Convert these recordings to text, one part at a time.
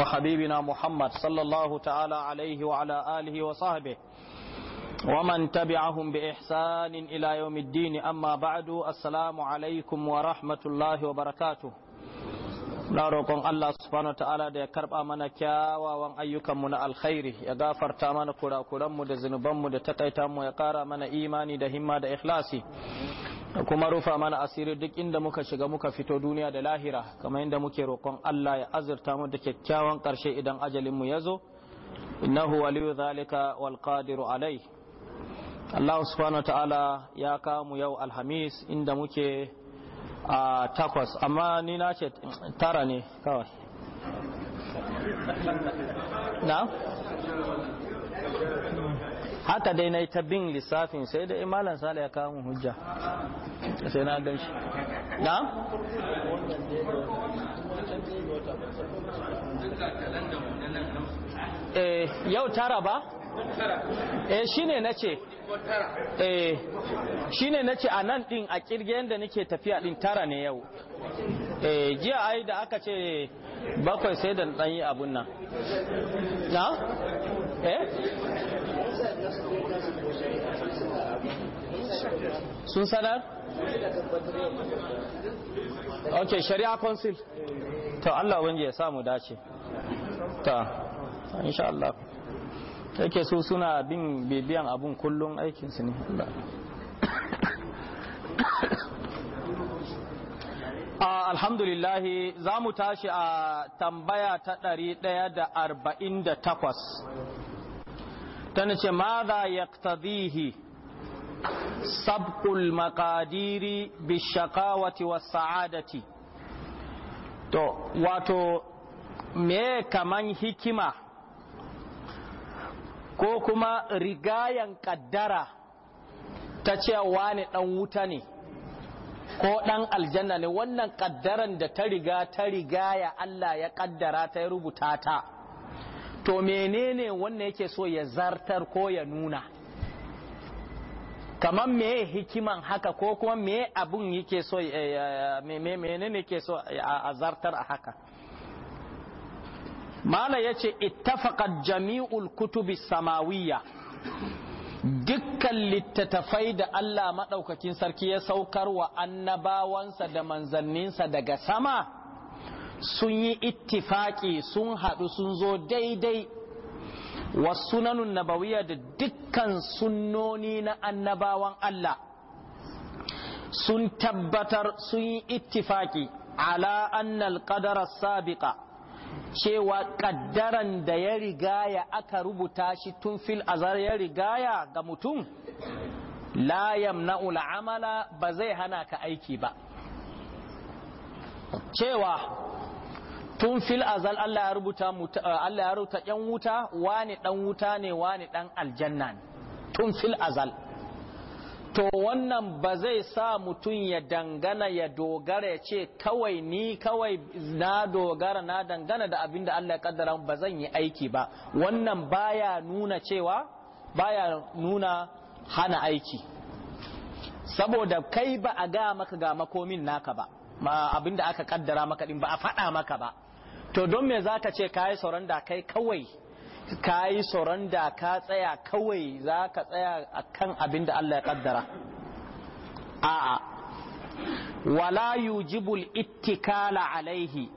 وحبيبنا محمد صلى الله تعالى عليه وعلى آله وصحبه ومن تبعهم بإحسان إلى يوم الدين أما بعد السلام عليكم ورحمة الله وبركاته na roƙon Allah subhanahu ta'ala da ya karba mana kyawawan ayyukanmu na alkhairi ya gafarta mana kurakuranmu da zunubanmu da takaita mu ya kara mana imani da himma da ikhlasi kuma rufa mana asiri duk inda muka shiga muka fito duniya da lahira kamar inda muke roƙon Allah ya azurta mu da kyakkyawan ƙarshe idan ajalin mu yazo innahu waliyu zalika wal qadiru alai Allah subhanahu ta'ala ya kamu yau alhamis inda muke a takwas amma ni na ce tara ne kawai na haka dai na yi ta bin lissafin sai da imalan sala ya kawo hujja sai na gan shi na? Eh, yau tara ba? eh ne na ce eh ne na ce a nan din a kirge da nake tafiya din tara ne yau eh jiya ai da aka ce bakwai sai da ɗanyi abun nan na? eh sun sanar? ok shari'a council ta Allah wanda ya samu dace ta insha Allah yake su suna bin bibiyan abun kullum aikinsu ne alhamdulillahi za mu tashi a tambaya ta 148 tana ce ma za yaqtadihi sabqul maqadiri bishaqawati was sa'adati to wato me kaman hikima ko kuma rigayan kaddara ta ce ne dan wuta ne ko ɗan aljanna ne wannan kaddaran da ta riga ta rigaya Allah ya kaddara ta ya rubuta ta to menene wannan yake so ya zartar ko ya nuna kamar me hikiman haka ko kuma me abun yake so eh, eh, menene yake so a zartar a haka mala ya ce ittafaqat jami'ul kutubi samawiyya dukkan littattafai da Allah maɗaukakin sarki ya saukar wa annabawansa da manzanninsa daga sama sun yi ittifaki sun haɗu sun zo daidai sunanun nabawiya da dukkan sunnoni na annabawan Allah sun tabbatar sun yi ittifaki ala annal qadara sabiqa cewa kaddaran da ya rigaya aka rubuta shi tun fil azar ya rigaya ga mutum la yamna'u amala ba zai hana ka aiki ba cewa tun fil azal Allah ya rubuta eh, Allah ya rubuta yan wuta wani ɗan wuta ne wani ɗan aljanna ne tun fil azal to wannan ba zai sa mutum ya dangana ya dogara ya ce kawai ni kawai na dogara na dangana da abinda da Allah ya kaddara ba zan yi aiki ba wannan baya nuna cewa baya nuna hana aiki saboda kai ba a ga maka ga makomin naka ba Abinda aka kaddara maka din ba a faɗa maka ba to don me za ka ce ka yi kayi da kai kawai ka yi kayi da ka tsaya kawai za ka tsaya a kan abin da Allah ya kaddara a'a wala yujibul ittikala alaihi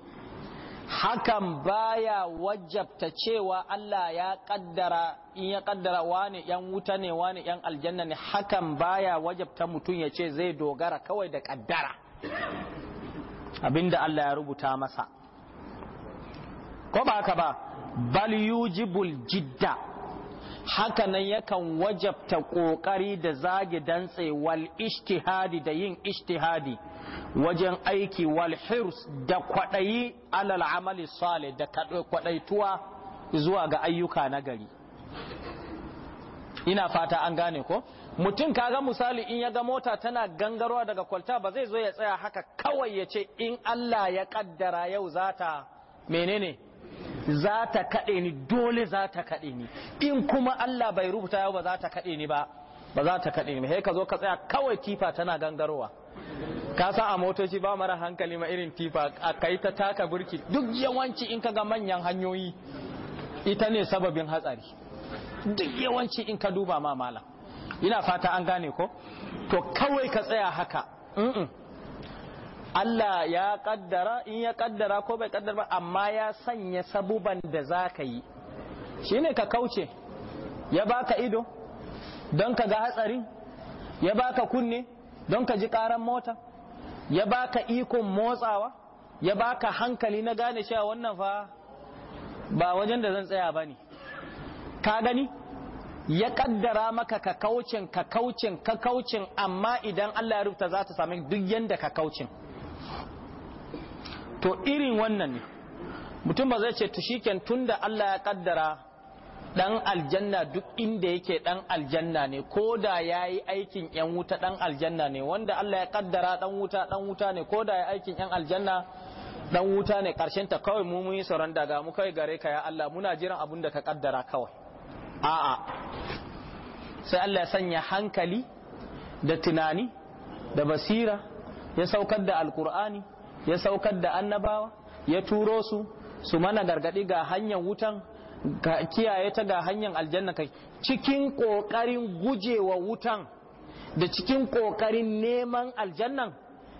hakan baya wajabta cewa Allah ya kaddara in ya kaddara wani yan wuta ne wani yan aljanna ne hakan baya wajabta mutum ya ce zai dogara kawai da kaddara abinda Allah ya rubuta masa ko ba haka ba bal yujibul jidda haka nan yakan wajabta kokari da zage dantse wal ishtihadi da yin ishtihadi wajen aiki wal hirs da kwadayi alal amali salih da kwadaituwa zuwa ga ayyuka na gari ina fata an gane ko mutum kaga misali in ya ga mota tana gangarwa daga kwalta ba zai zo ya tsaya haka kawai ya ce in Allah ya kaddara yau zata menene za ta kaɗe ni dole za ta kaɗe ni in kuma Allah bai rubuta yau ba za ta kaɗe ni ba ba za ta kaɗe ni ka zo ka tsaya kawai tifa tana gangarowa ka sa a motoci ba mara hankali ma irin tifa a kai ta taka burki duk yawanci in ka ga manyan hanyoyi ita ne sababin hatsari duk yawanci in ka duba ma malam ina fata an gane ko to kawai ka tsaya haka Allah ya kaddara in ya kaddara ko bai kaddara ba amma ya sanya sabuban da za ka yi ne ka kauce ya baka ido don ka ga hatsari ya baka kunne don ka ji karan mota ya baka ikon motsawa ya baka hankali na gane cewa wannan fa ba wajen da zan tsaya ba ne ka gani ya kaddara maka ka kaucin ka kaucin ka kaucin amma idan Allah ya rubuta za ta sami duk yanda ka kaucin to irin wannan ne mutum ba zai ce to shiken tunda Allah ya kaddara dan aljanna duk inda yake dan aljanna ne ko da ya yi aikin yan wuta dan aljanna ne wanda Allah ya kaddara dan wuta dan wuta ne ko da ya aikin yan aljanna dan wuta ne karshen ta kawai mu mun yi sauran daga mu kai gare ka ya Allah muna jiran abun da ka kaddara kawai a'a sai Allah ya sanya hankali da tunani da basira ya saukar da alkur'ani ya saukar da annabawa ya turo su su mana gargadi ga hanyar wutan kiyaye ta ga hanyar aljanna kai cikin ƙoƙarin gujewa wutan da cikin ƙoƙarin neman aljannan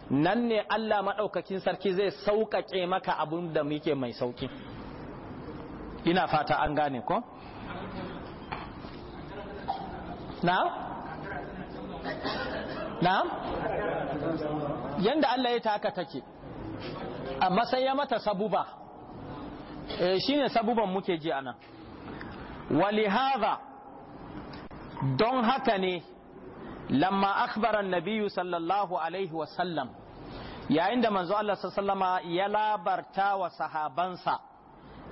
nan ne Allah maɗaukakin sarki zai sauƙaƙe maka abin da muke mai sauƙi ina fata an gane ko? na? na'am yanda Allah ya ta haka take amma sai ya mata sabuba eh shine sabuban muke ji anan walihadha don haka ne lamma akhbara annabiyyu sallallahu alaihi wa sallam yayin da manzo Allah sallama ya labarta wa sahabansa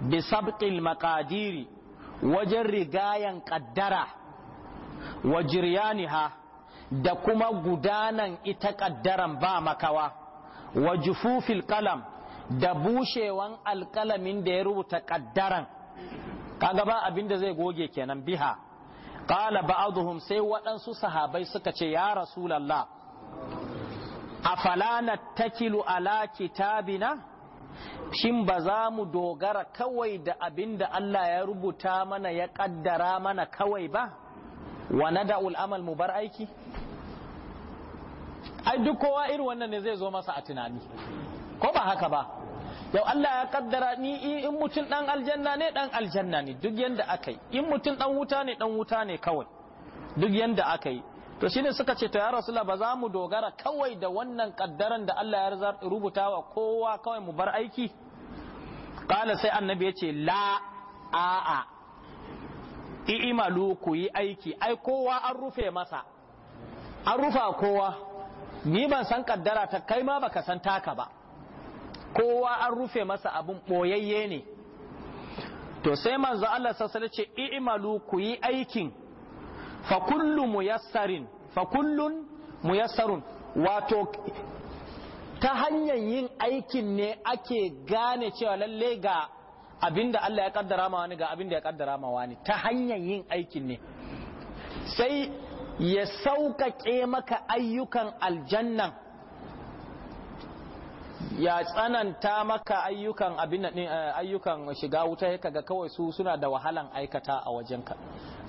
bi sabqil maqadiri wajen rigayan qaddara wa jiryaniha da kuma gudanan ita ƙaddaran ba makawa wa jufufil kalam da bushewan alkalamin da ya rubuta ƙaddaran kaga ba abin da zai goge kenan biha qala ba'dhum sai waɗansu sahabai suka ce ya rasulullah afalana takilu ala kitabina shin ba za mu dogara kawai da abin da Allah ya rubuta mana ya ƙaddara mana kawai ba wa nada'ul amal mu bar aiki ai duk kowa irin wannan ne zai zo masa a tunani ko ba haka ba yau Allah ya kaddara ni in mutum dan aljanna ne dan aljanna ne duk yanda aka in mutum dan wuta ne dan wuta ne kawai duk yanda aka to shine suka ce to ya rasulullah ba za mu dogara kawai da wannan kaddaran da Allah ya rubuta wa kowa kawai mu bar aiki kana sai annabi ya ce la a i'malu ku yi aiki ai kowa an rufe masa an rufa kowa ni ban san kaddara ta kai ma baka san taka ba kowa an rufe masa abun boyayye ne to sai manzo Allah sassale ce i'malu ku yi aikin fa kullu muyassarin fa kullun muyassarun wato ta hanyar yin aikin ne ake gane cewa lalle ga abinda Allah ya kaddara ma wani ga abinda ya kaddara ma wani ta hanyar yin aikin ne sai ya sauƙaƙe maka ayyukan aljannan ya tsananta maka ayyukan abin eh, ayyukan shiga wuta kaga kawai su suna da wahalan aikata a wajenka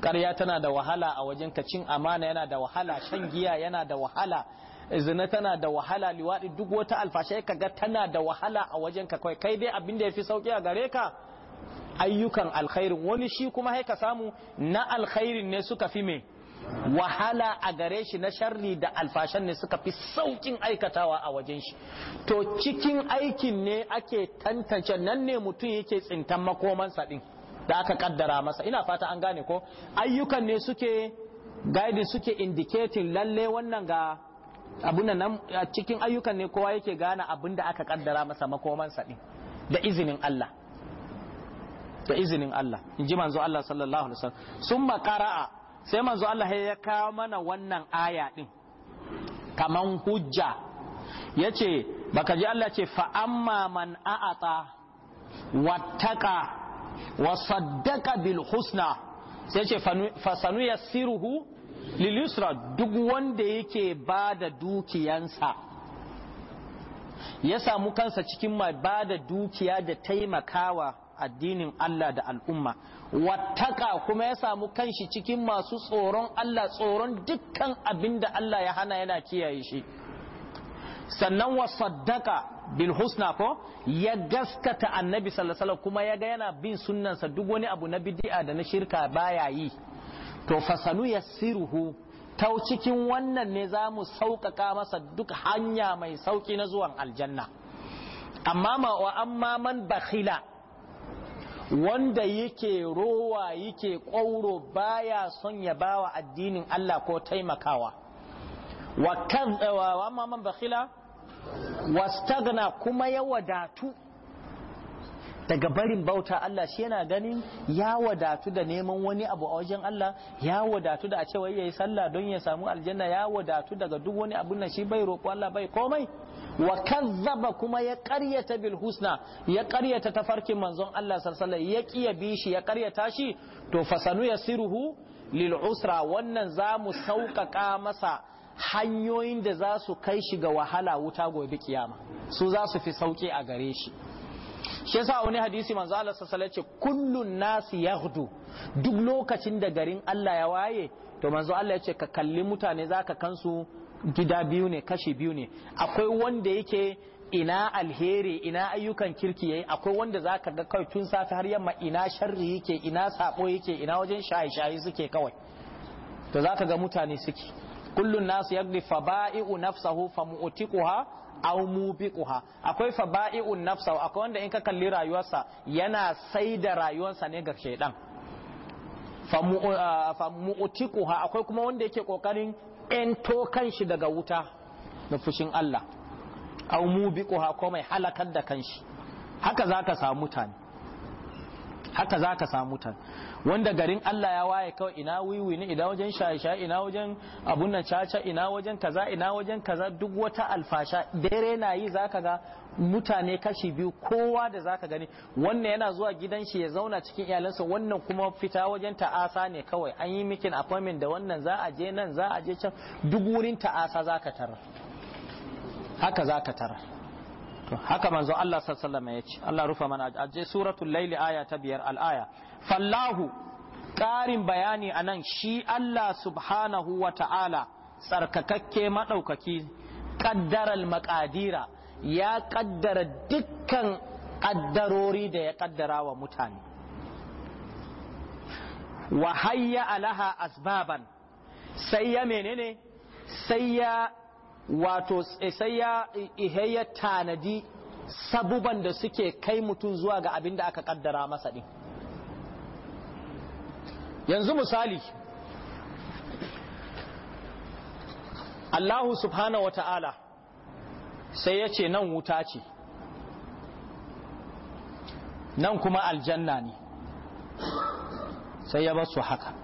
ƙarya tana da wahala a wajenka cin amana yana da wahala shan giya yana da wahala zina tana da wahala liwaɗi duk wata alfashe kaga tana da wahala a wajenka kawai kai dai abin da yafi sauki a gare ka ayyukan alkhairin wani shi kuma haika samu na alkhairin ne suka fi mai wahala a gare shi na sharri da alfashan ne suka fi saukin aikatawa a wajen shi to cikin aikin ne ake tantance nan ne mutum yake tsintan makomansa din da aka kaddara masa ina fata an gane ko ayyukan ne suke guiding suke indicating lalle wannan ga abun nan cikin ayyukan ne kowa yake gane abin da aka kaddara masa makomansa din da izinin Allah da izinin Allah in ji manzo Allah sallallahu alaihi wasallam summa qara'a sai manzo Allah ya kawo mana wannan aya din kaman hujja yace baka ji Allah ce fa amma man a'ata wattaka wa saddaka bil husna sai ce fa sanu lil yusra duk wanda yake bada dukiyansa ya samu kansa cikin mai bada dukiya da taimakawa addinin Allah da al'umma wattaka kuma ya samu kanshi cikin masu tsoron Allah tsoron dukkan abin da Allah ya hana yana kiyaye shi sannan wa saddaka bil husna ko ya gaskata annabi sallallahu kuma ya ga yana bin sunnansa duk wani abu na bid'a da na shirka baya yi to fasanu yassiruhu ta cikin wannan ne za mu sauƙaƙa masa duk hanya mai sauƙi na zuwan aljanna amma wa amma man bakhila wanda yake rowa yake ƙwauro baya son ya bawa addinin Allah ko taimakawa wa kan eh, mamman bakhila wastagna kuma ya wadatu daga barin bauta Allah shi yana ganin ya wadatu da neman wani abu a wajen Allah ya wadatu da a cewa ya yayi sallah don ya samu aljanna ya wadatu daga duk wani abu na shi bai roƙo Allah bai komai wa kazzaba kuma ya ƙaryata bil husna ya ƙaryata tafarkin manzon Allah sallallahu ya kiya bi shi ya ƙaryata shi to fasanu yasiruhu lil usra wannan za mu sauƙaƙa masa hanyoyin da za su kai shi ga wahala wuta gobe kiyama su za su fi sauƙi a gare shi shi yasa wani hadisi manzo Allah sallallahu alaihi wasallam kullun nasi yahdu duk lokacin da garin Allah ya waye to manzo Allah ya ce ka kalli mutane zaka kansu gida biyu ne kashi biyu ne akwai wanda yake ina alheri ina ayyukan kirki yayi akwai wanda zaka ga kai tun safe har yamma ina sharri yake ina sabo yake ina wajen shaye-shaye suke kawai to zaka ga mutane suke kullun nasu yagdi fabai'u nafsahu mu'tiquha aw mubiquha akwai faba'i'un nafsa akwai wanda in ka kalli rayuwarsa yana saida rayuwarsa ne ga shaiɗan. Uh, fa mu'tiquha akwai kuma wanda yake kokarin to kanshi daga wuta na fushin Allah aw mubiquha ko mai halakar da kanshi haka zaka samu mutane haka za ka samu ta wanda garin Allah ya waye kawai ina wiwi ne ina wajen shaye-shaye ina wajen abun nan caca ina wajen kaza ina wajen kaza duk wata alfasha dare na yi zaka ga mutane kashi biyu kowa da zaka gani wannan yana zuwa gidan shi ya zauna cikin iyalansa wannan kuma fita wajen ta'asa ne kawai an yi mikin appointment da wannan za a je nan za a je can duk wurin ta'asa zaka tara haka zaka tara. haka manzo Allah sallallahu alaihi ya ce Allah rufa mana aje suratul laili aya ta biyar al fallahu ƙarin bayani a nan shi Allah subhanahu wa ta'ala tsarkakakke maɗaukaki ƙaddarar maƙadira ya ƙaddara dukkan ƙaddarori da ya ƙaddara wa mutane wa hayya alaha asbaban sai ya menene sai ya wato sai eh, ya tanadi sabuban da suke kai mutum zuwa ga abin da aka kaddara masa din yanzu misali Allahu subhanahu wata'ala sai ya ce nan wuta ce nan kuma aljanna ne sai ya basu haka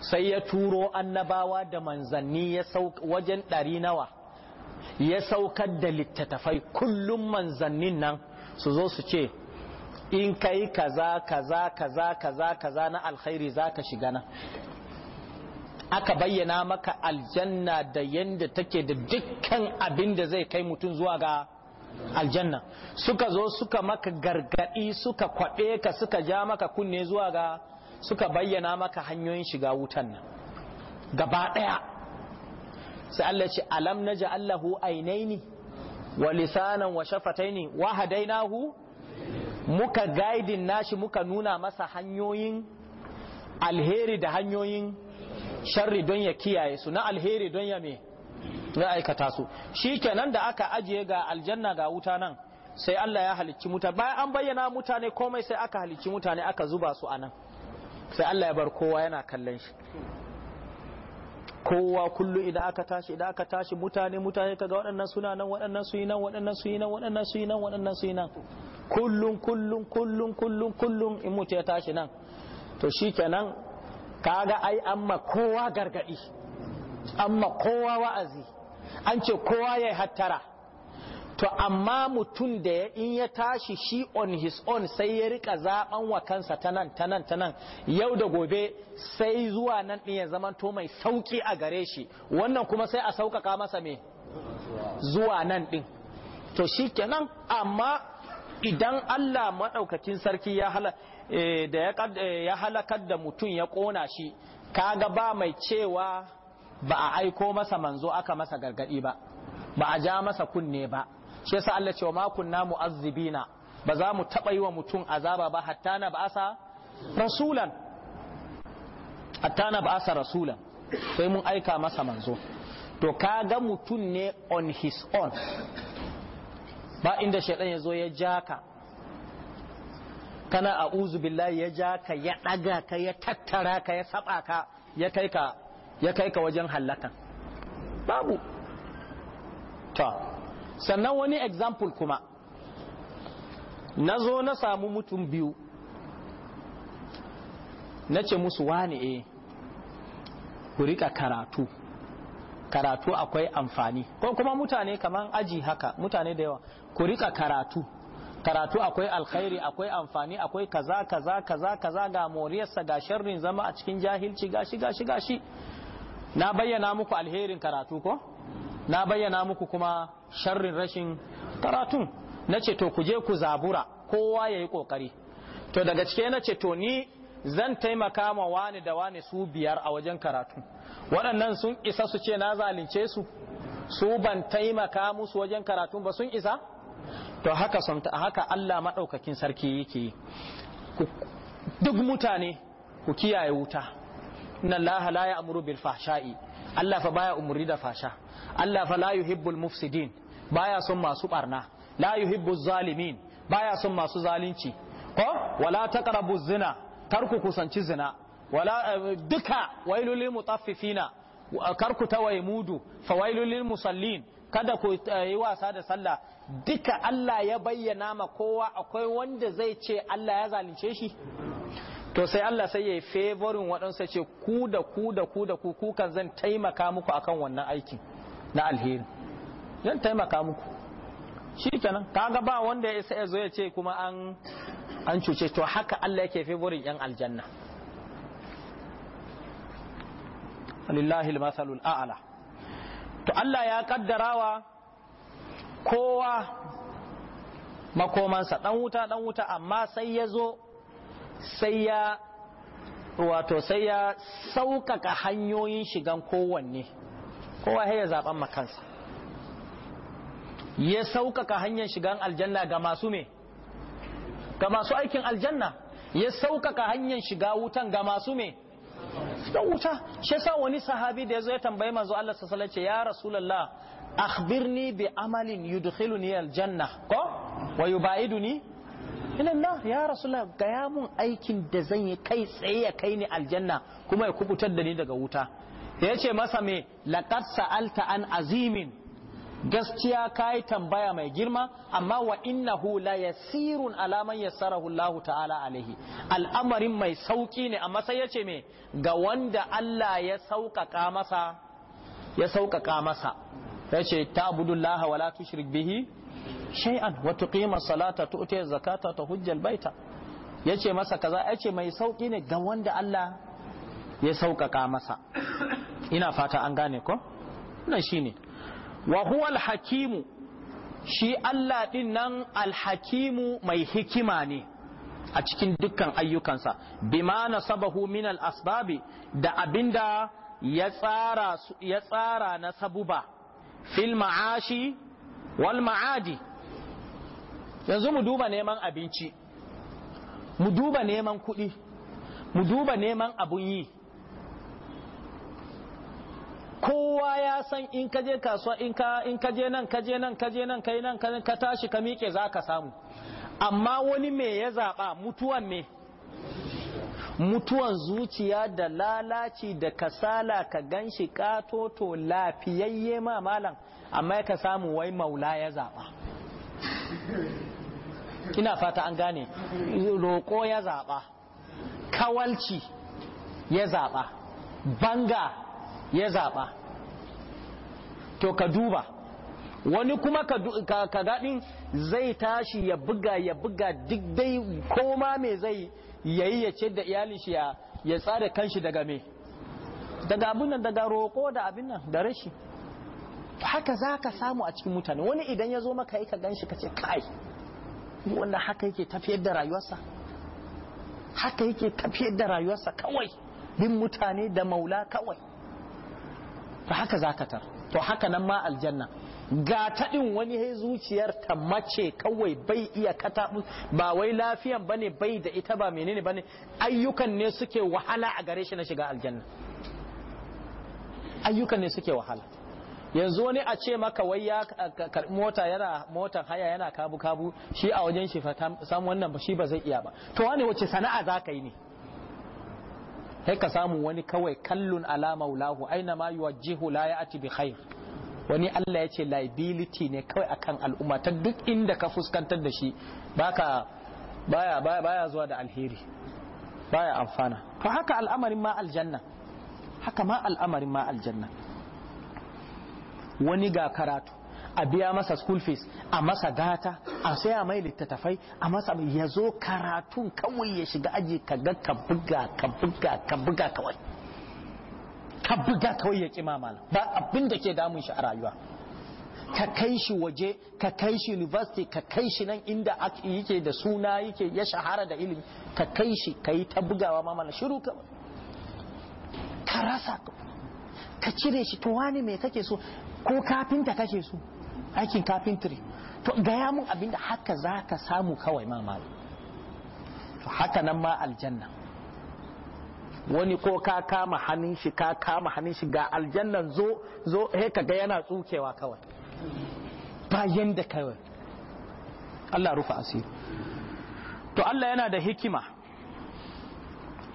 sai ya turo annabawa da manzanni wajen ɗari nawa ya saukar da littattafai kullum manzannin nan su zo su ce in kai kaza kaza kaza kaza kaza na alkhairi zaka shiga nan aka bayyana maka aljanna da yadda take da dukkan abin da zai kai mutum zuwa ga aljanna suka zo suka maka gargadi suka kwaɗe ka suka ja maka kunne zuwa ga suka bayyana maka hanyoyin shiga wutan nan gaba ɗaya sai Allah ce alam na ja'allahu ainaini wa lisanan wa shafataini wa hadainahu muka gaidin nashi muka nuna masa hanyoyin alheri da hanyoyin sharri don ya kiyaye su na alheri don ya me na aikata su shikenan da aka ajiye ga aljanna ga wuta nan sai Allah ya halicci mutane bayan an bayyana mutane komai sai aka halicci mutane aka zuba su anan sai Allah ya bar kowa yana kallon shi kowa kullu idan aka tashi idan aka tashi mutane mutane kaga waɗannan suna nan waɗannan su yi nan waɗannan su yi nan waɗannan su yi nan waɗannan su yi nan kullun kullun kullun kullun kullun in mutu ya tashi nan to shikenan kaga ai amma kowa gargadi amma kowa wa'azi an ce kowa yayi hattara to amma mutum da ya in ya tashi shi on his own sai ya rika zaben wa kansa ta ta nan nan ta nan. yau da gobe sai zuwa nan din ya to mai sauki a gare shi wannan kuma sai a sauƙaƙa masa me zuwa nan din to shikenan amma idan Allah maɗaukakin sarki ya hala eh, eh, ya halakar da mutum ya ƙona shi kaga ba mai cewa ba a aiko masa manzo aka masa gargaɗi ba ba a ja masa kunne ba shi yasa Allah cewa ma kunna mu'azzibina ba za mu taɓa yi wa mutum azaba ba hatta na ba'asa rasulan hatta na ba'asa rasulan sai mun aika masa manzo to kaga mutum ne on his own ba inda shaidan yazo ya ja ka kana a'udhu billahi ya ja ka ya ɗaga ka ya tattara ka ya saba ka ya kai ka ya kai ka wajen halaka babu ta sannan wani example kuma na zo na samu mutum biyu na ce musu wani e eh, ku rika karatu karatu akwai amfani ko kuma mutane kamar aji haka mutane da yawa ku rika karatu karatu akwai alkhairi akwai amfani akwai kaza kaza kaza kaza ga moriyarsa ga sharrin zama a cikin jahilci gashi gashi gashi na bayyana muku alherin karatu ko na bayyana muku kuma sharrin rashin karatun na ce to ku je ku zabura kowa ya yi kokari to daga cike na ce to ni zan taimaka ma wani da wani su biyar a wajen karatu waɗannan sun isa su ce na zalunce su su ban taimaka musu wajen karatu ba sun isa to haka haka Allah maɗaukakin sarki yake duk mutane ku kiyaye wuta inna allaha la ya'muru bil fahsha'i Allah fa baya umri da fasha Allah fa la yuhibbul mufsidin baya son masu barna la yuhibbuz zalimin baya son masu zalunci ko wala taqrabu zina karku kusanci zina wala duka wailul lil mutaffifina karku tawaye mudu fa wailul lil musallin kada ku yi wasa da sallah duka Allah ya bayyana ma kowa akwai wanda zai ce Allah ya zalunce shi to sai Allah sai ya yi favorin waɗansa ce ku da ku da ku da ku kukan zan taimaka muku akan wannan aikin na alheri zan taimaka muku shi kenan kaga ba wanda ya isa ya zo ya ce kuma an an cuce to haka Allah yake favorin yan aljanna lillahi almasalul a'la to Allah ya kaddarawa kowa makomansa dan wuta dan wuta amma sai ya zo sai ya wato sai ya sauƙaƙa hanyoyin shigan kowanne kowa ya zaɓen makansa ya sauƙaƙa hanyar shigan aljanna ga masu me ga masu aikin aljanna ya sauƙaƙa hanyar shiga wutan ga masu me da wuta shi yasa wani sahabi da yazo ya tambaye manzo Allah sallallahu alaihi wasallam ya rasulullah akhbirni bi amalin yudkhiluni aljanna ko wa yubaiduni ilallah ya rasulullah gaya mun aikin da zan yi kai tsaye ya kai ni aljanna kuma ya kubutar da ni daga wuta ya ce masa me laqad sa'alta an azimin gaskiya kai tambaya mai girma amma wa innahu la yasirun ala man yassarahu Allah ta'ala alaihi al'amarin mai sauki ne amma sai ya ce me ga wanda Allah ya sauƙaƙa masa ya sauƙaƙa masa ya ce ta abudullaha wala tushrik bihi shay'an wa tuqima salata tu'ti zakata ta hujjal baita yace masa kaza yace mai sauki ne ga wanda Allah ya sauƙaƙa masa ina fata an gane ko nan shine wa huwa al-hakimu shi Allah din nan al-hakimu mai hikima ne a cikin dukkan ayyukansa bima nasabahu min al-asbabi da abinda ya tsara ya tsara na sabuba fil ma'ashi wal ma'adi yanzu mu duba neman abinci mu duba neman kuɗi mu duba neman abun yi kowa ya san in ka je kasuwa in ka nan ka je nan ka je nan kai nan ka tashi ka miƙe za ka samu amma wani me ya zaɓa mutuwan me mutuwan zuciya da lalaci da kasala ka ganshi katoto lafiyayye ma malam amma ka samu wai maula ya zaɓa ina fata an gane roƙo ya zaɓa kawalci ya zaɓa banga ya zaɓa to ka duba wani kuma ka gaɗin zai tashi ya buga ya buga duk dai koma mai zai yayi ya ce da iyalin shi ya tsare kanshi daga me daga abin daga roƙo da abin da rashi haka za ka samu a cikin mutane wani idan ya zo maka yi ka ganshi shi ka ce kai wannan haka yake tafiyar da rayuwarsa haka yake tafiyar da rayuwarsa kawai bin mutane da maula kawai to haka zakatar to haka nan ma aljanna ga taɗin wani hai zuciyar ta mace kawai bai iya kata ba wai lafiyan bane bai da ita ba menene bane ayyukan ne suke wahala a gare shi na shiga aljanna ayyukan ne suke wahala yanzu wani a ce maka wai ya mota yana motan haya yana kabu kabu shi a wajen shi fa samu wannan shi ba zai iya ba to wani wace sana'a zaka yi ne sai ka samu wani kawai kallun ala maulahu aina ma yuwajjihu la ya'ti bi khair wani Allah ya ce liability ne kawai akan al'umma ta duk inda ka fuskantar da shi baka baya baya baya zuwa da alheri baya amfana to haka al'amarin ma aljanna haka ma al'amarin ma aljanna wani ga karatu a biya masa school fees a masa gata a sai a mai littattafai a masa ya zo karatun kawai ya shiga aji ka ga ka buga ka buga ka buga kawai ka buga kawai ya ƙi mamala ba abin da ke damun shi a rayuwa ka kai shi waje ka kai shi university ka kai shi nan inda yake da suna yake ya shahara da ilimi ka kai shi ka yi ta bugawa mamala shiru kawai ka rasa ka cire shi to wani me kake so ko kafinta kake so aikin kafintiri to gaya mun abinda haka za ka samu kawai mamaye. to haka nan ma aljanna wani ko ka kama hannun shi ka kama hannun shi ga aljannan zo zo he ka ga yana tsukewa kawai bayan da kawai Allah rufa asiri to Allah yana da hikima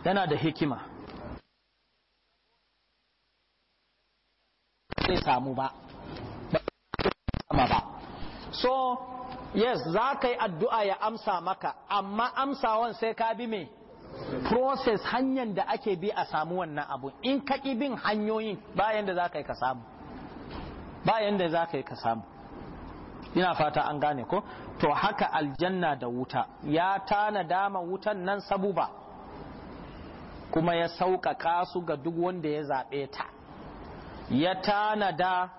yana da hikima zai samu ba ba so yes za ka yi addu'a ya amsa maka amma amsawan sai ka bi mai process hanyar da ake bi a samu wannan abu in ka bin hanyoyin bayan da za ka yi ka samu bayan da za ka yi ka samu ina fata an gane ko to haka aljanna da wuta ya tana dama wutan nan sabuba kuma ya sauƙaƙa su ga duk wanda ya zaɓe ta ya tanada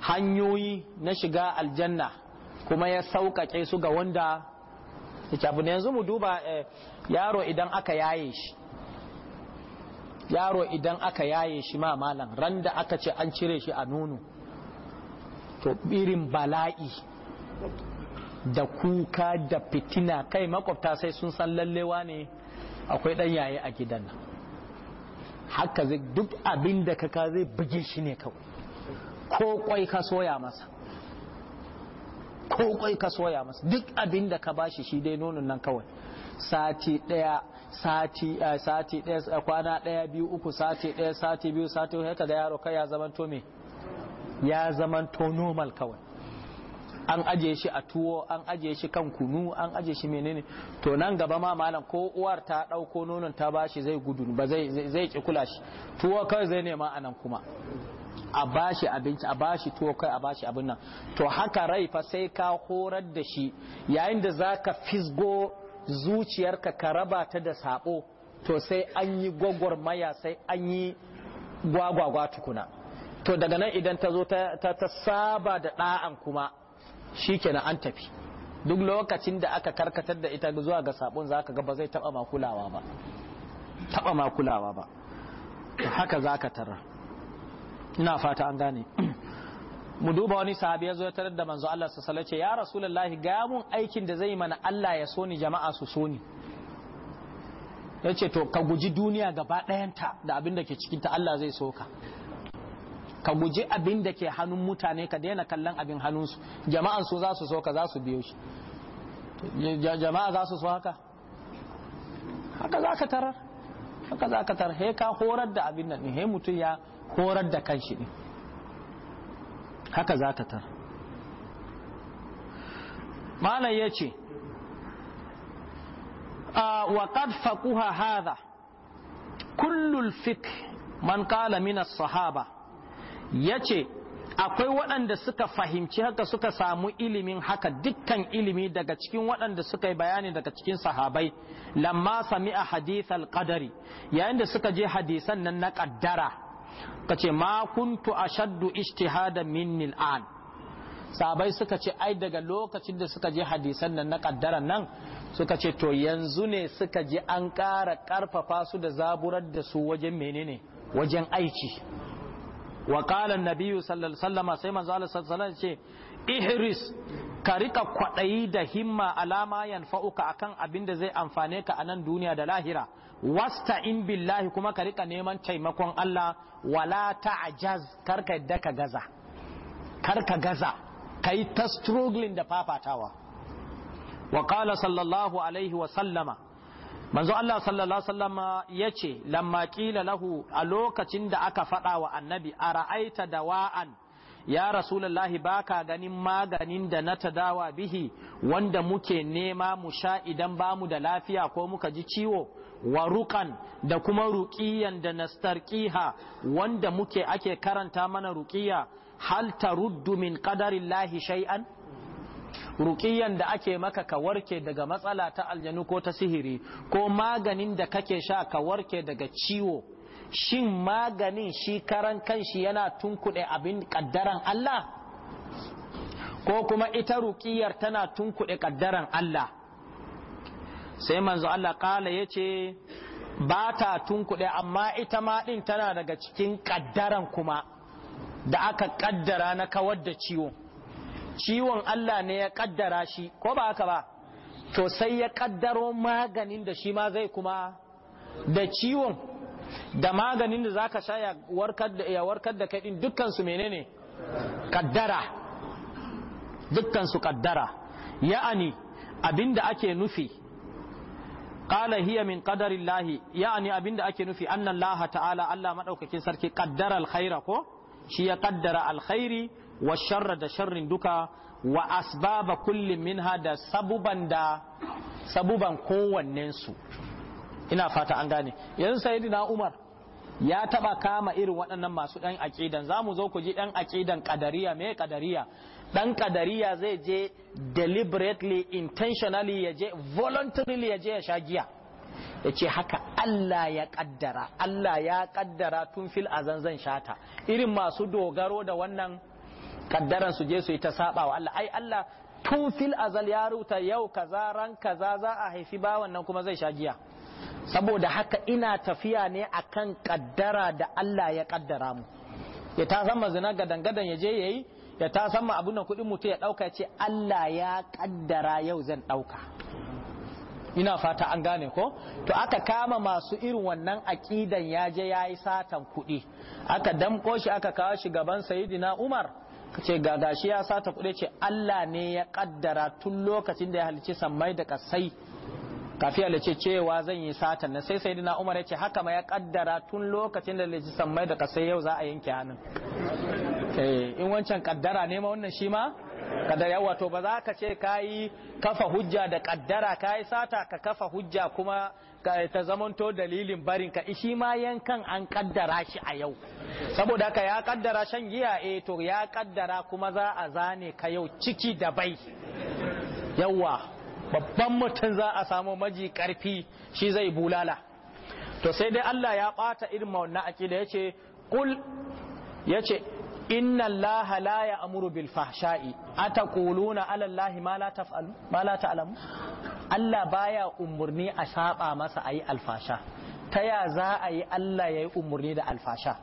hanyoyi na shiga aljanna kuma ya sauƙaƙe su ga wanda yake yanzu mu duba eh, yaro idan aka yaye shi yaro idan aka yaye shi ma malam ran da aka ce an cire shi a nono to irin bala'i da kuka da fitina kai makwabta sai sun san lallewa ne akwai ɗan yaye a gidan nan haka zai duk abin da ka ka zai buge shi ne kawai ko kwai ka soya masa ko kwai ka soya masa duk abin da ka bashi shi dai nonon nan kawai sati daya sati eh, sati daya eh, kwana daya biyu uku sati daya sati biyu sati uku haka da yaro kai ya zamanto me ya zamanto normal kawai an aje shi a tuwo an aje shi kan kunu an aje shi menene to nan gaba ma malam ko uwar ta dauko nonon ta bashi zai gudu ba zai zai ki kula shi tuwo kai zai nema anan kuma a bashi abinci a bashi tuwo kai a bashi abin nan to haka rai fa sai ka horar da shi yayin da zaka fisgo zuciyarka ka raba ta da sabo to sai an yi gwagwarmaya sai an yi gwagwagwa tukuna to daga nan idan ta zo ta saba da ɗa'an kuma shikenan an tafi duk lokacin da aka karkatar da ita zuwa ga sabon zaka ga ba zai taba makulawa ba taba makulawa ba haka zaka tara ina fata an gane mu duba wani sahabi ya zo ya tarar da manzo Allah su salace ya rasulullahi ga mun aikin da zai mana Allah ya soni jama'a su soni yace to ka guji duniya gaba ɗayanta da abin da ke cikin ta Allah zai so ka guji abin da ke hannun mutane ka daina kallon abin hannunsu jama'an su za su so ka za su biyo shi jama'a za su so haka haka za ka tarar haka za ka tarar he ka horar da abin nan he mutum ya horar da kanshi ne haka za ka tarar malam ya ce wa qad faquha hadha kullul fiqh man qala min as-sahaba ya ce akwai waɗanda suka fahimci haka suka samu ilimin haka dukkan ilimi daga cikin waɗanda suka yi bayani daga cikin sahabai lamma sami a hadithal qadari yayin da suka je hadisan nan na kaddara ce ma kuntu a ashaddu ijtihada minni an. sahabai suka ce ai daga lokacin da suka je hadisan nan na ƙaddara nan suka ce to yanzu ne suka je an ƙara ƙarfafa su da zaburar da su wajen menene wajen aiki wa qala an-nabiyyu sallallahu alaihi wasallam sai manzo Allah sallallahu alaihi wasallam ce ihris ka rika kwadayi da himma alama yanfa'uka akan abin da zai amfane ka a nan duniya da lahira wasta in billahi kuma ka rika neman taimakon Allah wala ta'jaz karka yadda ka gaza karka gaza kai ta struggling da fafatawa wa qala sallallahu alaihi wa sallama manzo Allah sallallahu sallama ya yace lamma kila lahu a lokacin da aka faɗa wa annabi a ra'aita dawa'an ya rasulullahi baka ganin maganin da na tadawa bihi wanda muke nema mu sha idan bamu da lafiya ko muka ji ciwo wa da kuma ruƙiyan da nastarƙiha wanda muke ake karanta mana ruƙiya hal taruddu min qadarillahi shay'an ruƙiyan da ake maka ka warke daga matsala ta aljanu ko ta sihiri ko maganin da kake sha ka warke daga ciwo shin maganin shi karan kanshi yana tunkuɗe abin ƙaddaran Allah ko kuma ita ruƙiyar tana tunkuɗe ƙaddaran Allah sai manzo Allah ƙala ya ce ba ta tunkuɗe amma ita ma ɗin tana daga cikin kaddaran kuma da aka ƙaddara na kawar da ciwo ciwon Allah ne ya kaddara shi ko ba haka ba to sai ya kaddaro maganin da shi ma zai kuma da ciwon da maganin da zaka sha ya warkar da kai din dukkan su menene kaddara dukkan su kaddara ya'ani abinda ake nufi qala hiya min ya'ani abinda ake nufi anna Allah ta'ala Allah madaukakin sarki qaddara alkhaira ko shi ya kaddara alkhairi wa sharra da sharrin duka wa asbaba kullum minha da sabuban da sabuban kowannensu ina fata an gane yanzu sayyidina umar ya taba kama irin waɗannan masu ɗan aƙidan za mu zo ku ji ɗan aƙidan ƙadariya me ƙadariya ɗan ƙadariya zai je deliberately intentionally ya je voluntarily ya je ya sha giya ya ce haka Allah ya ƙaddara Allah ya ƙaddara tun fil a zanzan shata irin masu dogaro da wannan kaddaran su je su yi ta saba wa Allah ai Allah tun fil azal ya ruta yau kaza ran kaza za a haifi bawan nan kuma zai sha giya saboda haka ina tafiya ne akan kaddara da Allah ya kaddara mu ya ta san mazina gadan gadan ya je yayi ya ta ma abun nan kudin mutu ya dauka ce Allah ya kaddara yau zan dauka ina fata an gane ko to aka kama masu irin wannan aqidan ya je yayi satan kudi aka damko shi aka kawo shi gaban sayyidina Umar ce ga gashi ya sata kuɗi ce Allah ne ya ƙaddara tun lokacin da ya halice sammai da kasai kafi halice cewa zan yi satan na sai sai dina umar ya ce haka ma ya ƙaddara tun lokacin da halice sammai da kasai yau za a yanke hannun eh, in wancan ƙaddara ne ma wannan shi ma kaddara yawa to ba za ka ce kayi kafa hujja da kaddara kayi sata ka kafa hujja kuma ta zamanto dalilin barin ka shi ma yankan an kaddara shi a yau saboda ka ya kaddara shan giya eh to ya kaddara kuma za a zane ka yau ciki da bai yawa babban mutum za a samu maji karfi shi zai bulala to sai dai Allah ya bata irin wannan akida yace kul yace inna allaha la ya'muru bil fahsha'i ataquluna ala allahi ma la taf'alu ma la Allah baya umurni a saba masa ayi alfasha ta ya za a yi Allah yayi umurni da alfasha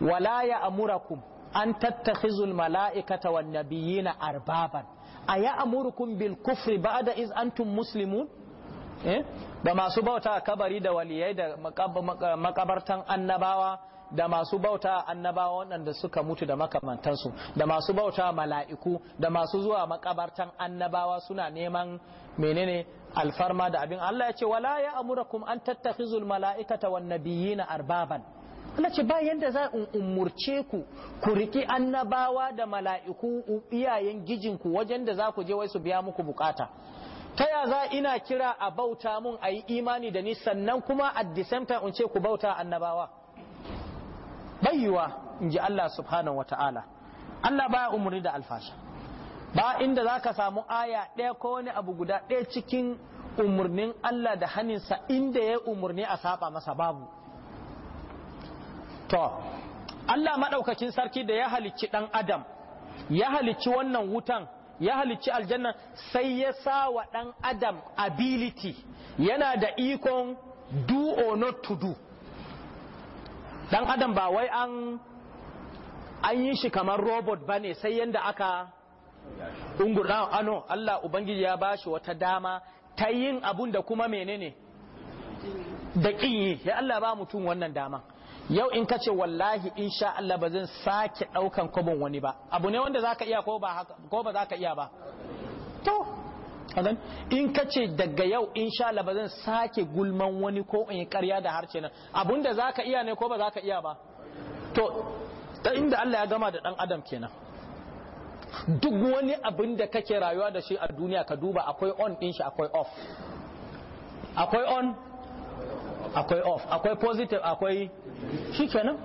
wala kum an tattakhizul mala'ikata wan nabiyina arbaban aya amurukum bil kufri ba'da iz antum muslimun eh Da masu bauta kabari da waliyai da makabartan annabawa da masu bauta annabawa waɗanda suka mutu da makamantansu da masu bauta mala'iku da masu zuwa makabartan annabawa suna neman menene alfarma da abin Allah ya ce wala ya amurakum an tattakhizul mala'ikata wan nabiyina arbaban Allah ce bayan da za in umurce ku ku riki annabawa da mala'iku iyayen gijinku wajen da za ku je wai su biya muku bukata ta ya za ina kira a bauta mun a yi imani da ni sannan kuma at the same time in ce ku bauta annabawa baiwa in ji Allah subhanahu wa ta'ala Allah baya umarni da alfasha ba inda za ka samu aya ɗaya ko wani abu guda ɗaya cikin umarnin Allah da haninsa inda ya umarni a saba masa babu to Allah maɗaukakin sarki da ya halicci ɗan adam ya halicci wannan wutan ya halicci aljanna sai ya sa wa ɗan adam ability yana da ikon do or not to do dan adam ba wai an an yi shi kamar robot ba ne sai yadda aka ungurna ano ah, Allah Ubangiji ya bashi wata dama ta yin abun da kuma menene da yi ya Allah ba mutum wannan dama yau in ka ce wallahi insha Allah ba zan sake daukan kwabon wani ba abu ne wanda zaka iya ko ba ko ba zaka iya ba to in ka ce daga yau insha Allah ba zan sake gulman wani ko in karya da harshe nan abinda zaka iya ne ko ba zaka iya ba to ta inda Allah ya gama da dan adam kenan duk wani abin da kake rayuwa da shi a duniya ka duba akwai on din shi akwai off akwai on akwai off akwai positive akwai shikenan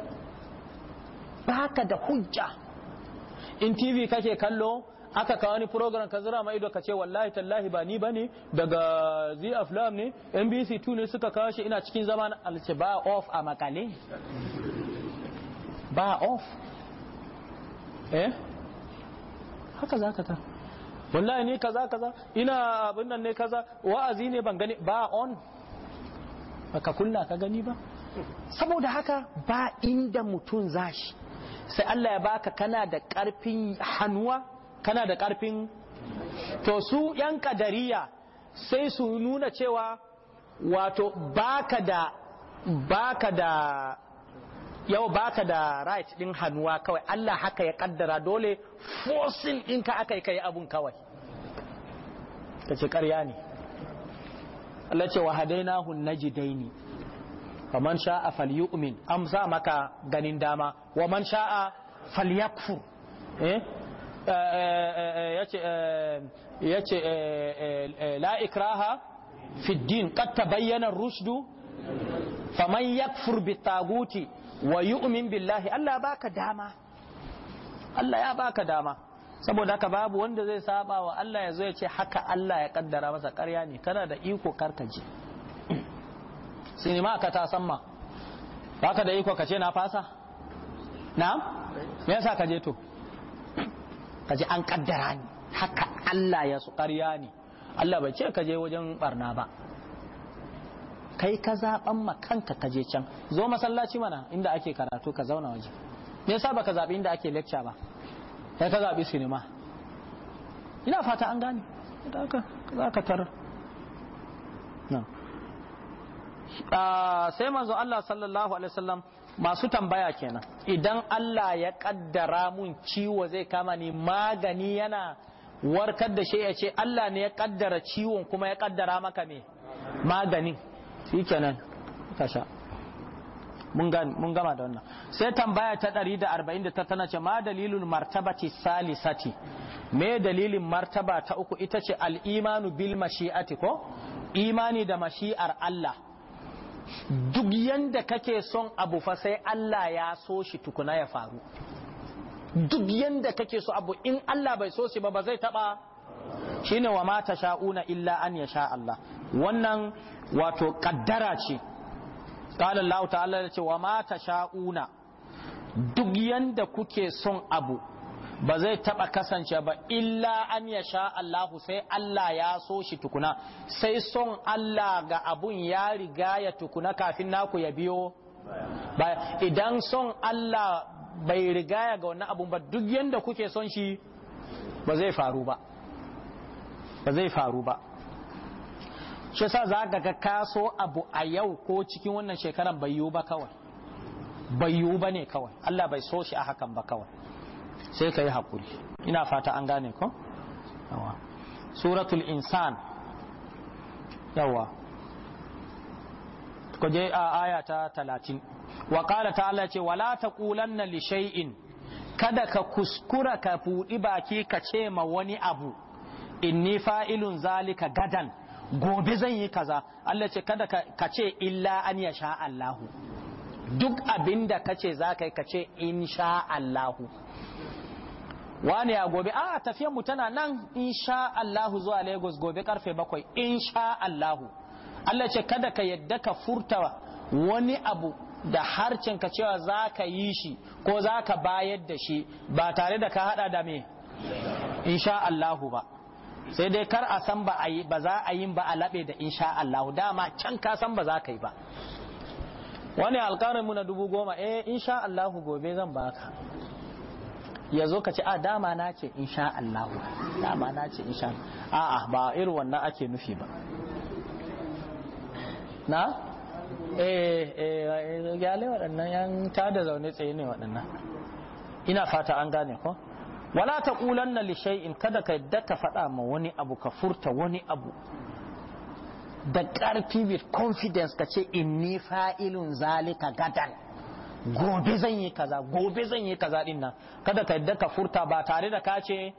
baka da hujja in tv kake kallo aka kawo ni program ka zira ma ido ka ce wallahi tallahi ba ni bane daga zi aflam ne nbc 2 ne suka kawo shi ina cikin zaman alce ba off a makale ba off eh haka zaka ta wallahi ne kaza kaza ina abin nan ne kaza wa'azi ne ban gani ba on baka kulla ka gani ba saboda haka ba inda mutum zashi sai Allah ya baka kana da karfin hannuwa kana da karfin to su yan kadariya sai su nuna cewa wato baka da baka da yau baka da right din hannuwa kawai Allah haka ya kaddara dole forcing ka aka yi kai abun kawai ta ce ƙarya ne Allah ce wa hadaina hun najidaini wa man sha'a falyu'min am za maka ganin dama wa man sha'a falyakfur eh Eh, eh, eh, ya ce la ikraha fiddin qad bayyana rushdu faman yakfur bitaguti wa yu'min billahi Allah baka dama Allah ya baka dama saboda haka babu wanda zai saba wa Allah ya zo ya ce haka Allah ya kaddara masa ƙarya ne kana da iko karkaje sinima ka ta samma baka da iko ka ce na fasa na me yasa ka je to kaji an kaddara ni haka Allah ya su ƙarya ne Allah bai ce ka wajen barna ba kai ka zaɓan ma kanka ka je can zo masallaci mana inda ake karatu ka zauna waje me yasa baka zaɓi inda ake lecture ba kai ka zaɓi sinima ina fata an gane za ka tar ah, sai manzo Allah sallallahu alaihi wasallam masu tambaya kenan idan Allah ya kaddara mun ciwo zai kama ni magani yana warkar da shi ya ce Allah ne ya kaddara ciwon kuma ya kaddara maka me magani shi kenan kasha mun gama da wannan sai tambaya ta 149 tana ce ma dalilul martabati salisati me dalilin martaba ta uku ita ce al'imanu bil mashi'ati ko imani da mashi'ar Allah duk yanda kake son abu fa sai Allah ya so shi tukuna ya faru duk yanda kake so abu in Allah bai so shi ba ba zai taba shine wa mata sha'una illa an ya sha Allah wannan wato kaddara ce qala Allah ta'ala ce wa mata sha'una. duk yanda kuke son abu ba zai taɓa kasance ba illa an ya sha Allahu sai Allah ya so shi tukuna sai son Allah ga abun ya riga ya tukuna kafin naku ya biyo idan son Allah bai riga ya ga wannan abun ba duk yanda kuke son shi ba zai faru ba ba zai faru ba shi sa za ka ga kaso abu a yau ko cikin wannan shekaran bai yiwu ba kawai bai yiwu ba ne kawai Allah bai so shi a hakan ba kawai sai ka yi haƙuri ina fata an gane ko yawa suratul insan yawa ku je a aya ta talatin wa ta Allah ce wala ta ƙulanna li shay'in kada ka kuskura ka buɗi baki ka ce ma wani abu inni fa'ilun zalika gadan gobe zan yi kaza Allah ce kada ka ce illa an ya sha Allahu duk abinda kace za ka yi ka ce in sha Allahu wane a gobe a ah, tafiyan mu tana nan insha Allahu zuwa Lagos gobe karfe bakwai in sha'allahu. Allah ce kada ka yadda ka furta wani abu da ka cewa za ka yi shi ko za ka bayar da shi ba tare da ka hada da me insha Allah ba sai dai kar a san ba za a yi ba a labe da insha Allah dama can ka san ba za ka yi ba wani mu na dubu goma eh insha Allah gobe zan baka ya zo ka ce a ah, dama na ce sha Allah dama na ce a a'a ba irin wannan ake nufi ba na eh eh gyale waɗannan yan ta da zaune tsaye ne waɗannan ina fata an gane ko wala ta ƙulanna li shay'in kada ka yadda ka faɗa ma wani abu ka furta wani abu da ƙarfi with confidence ka ce inni fa'ilun zalika gadan gobe zan yi kaza gobe zan yi kaza din nan kada ka yadda ka furta ba tare da ka ce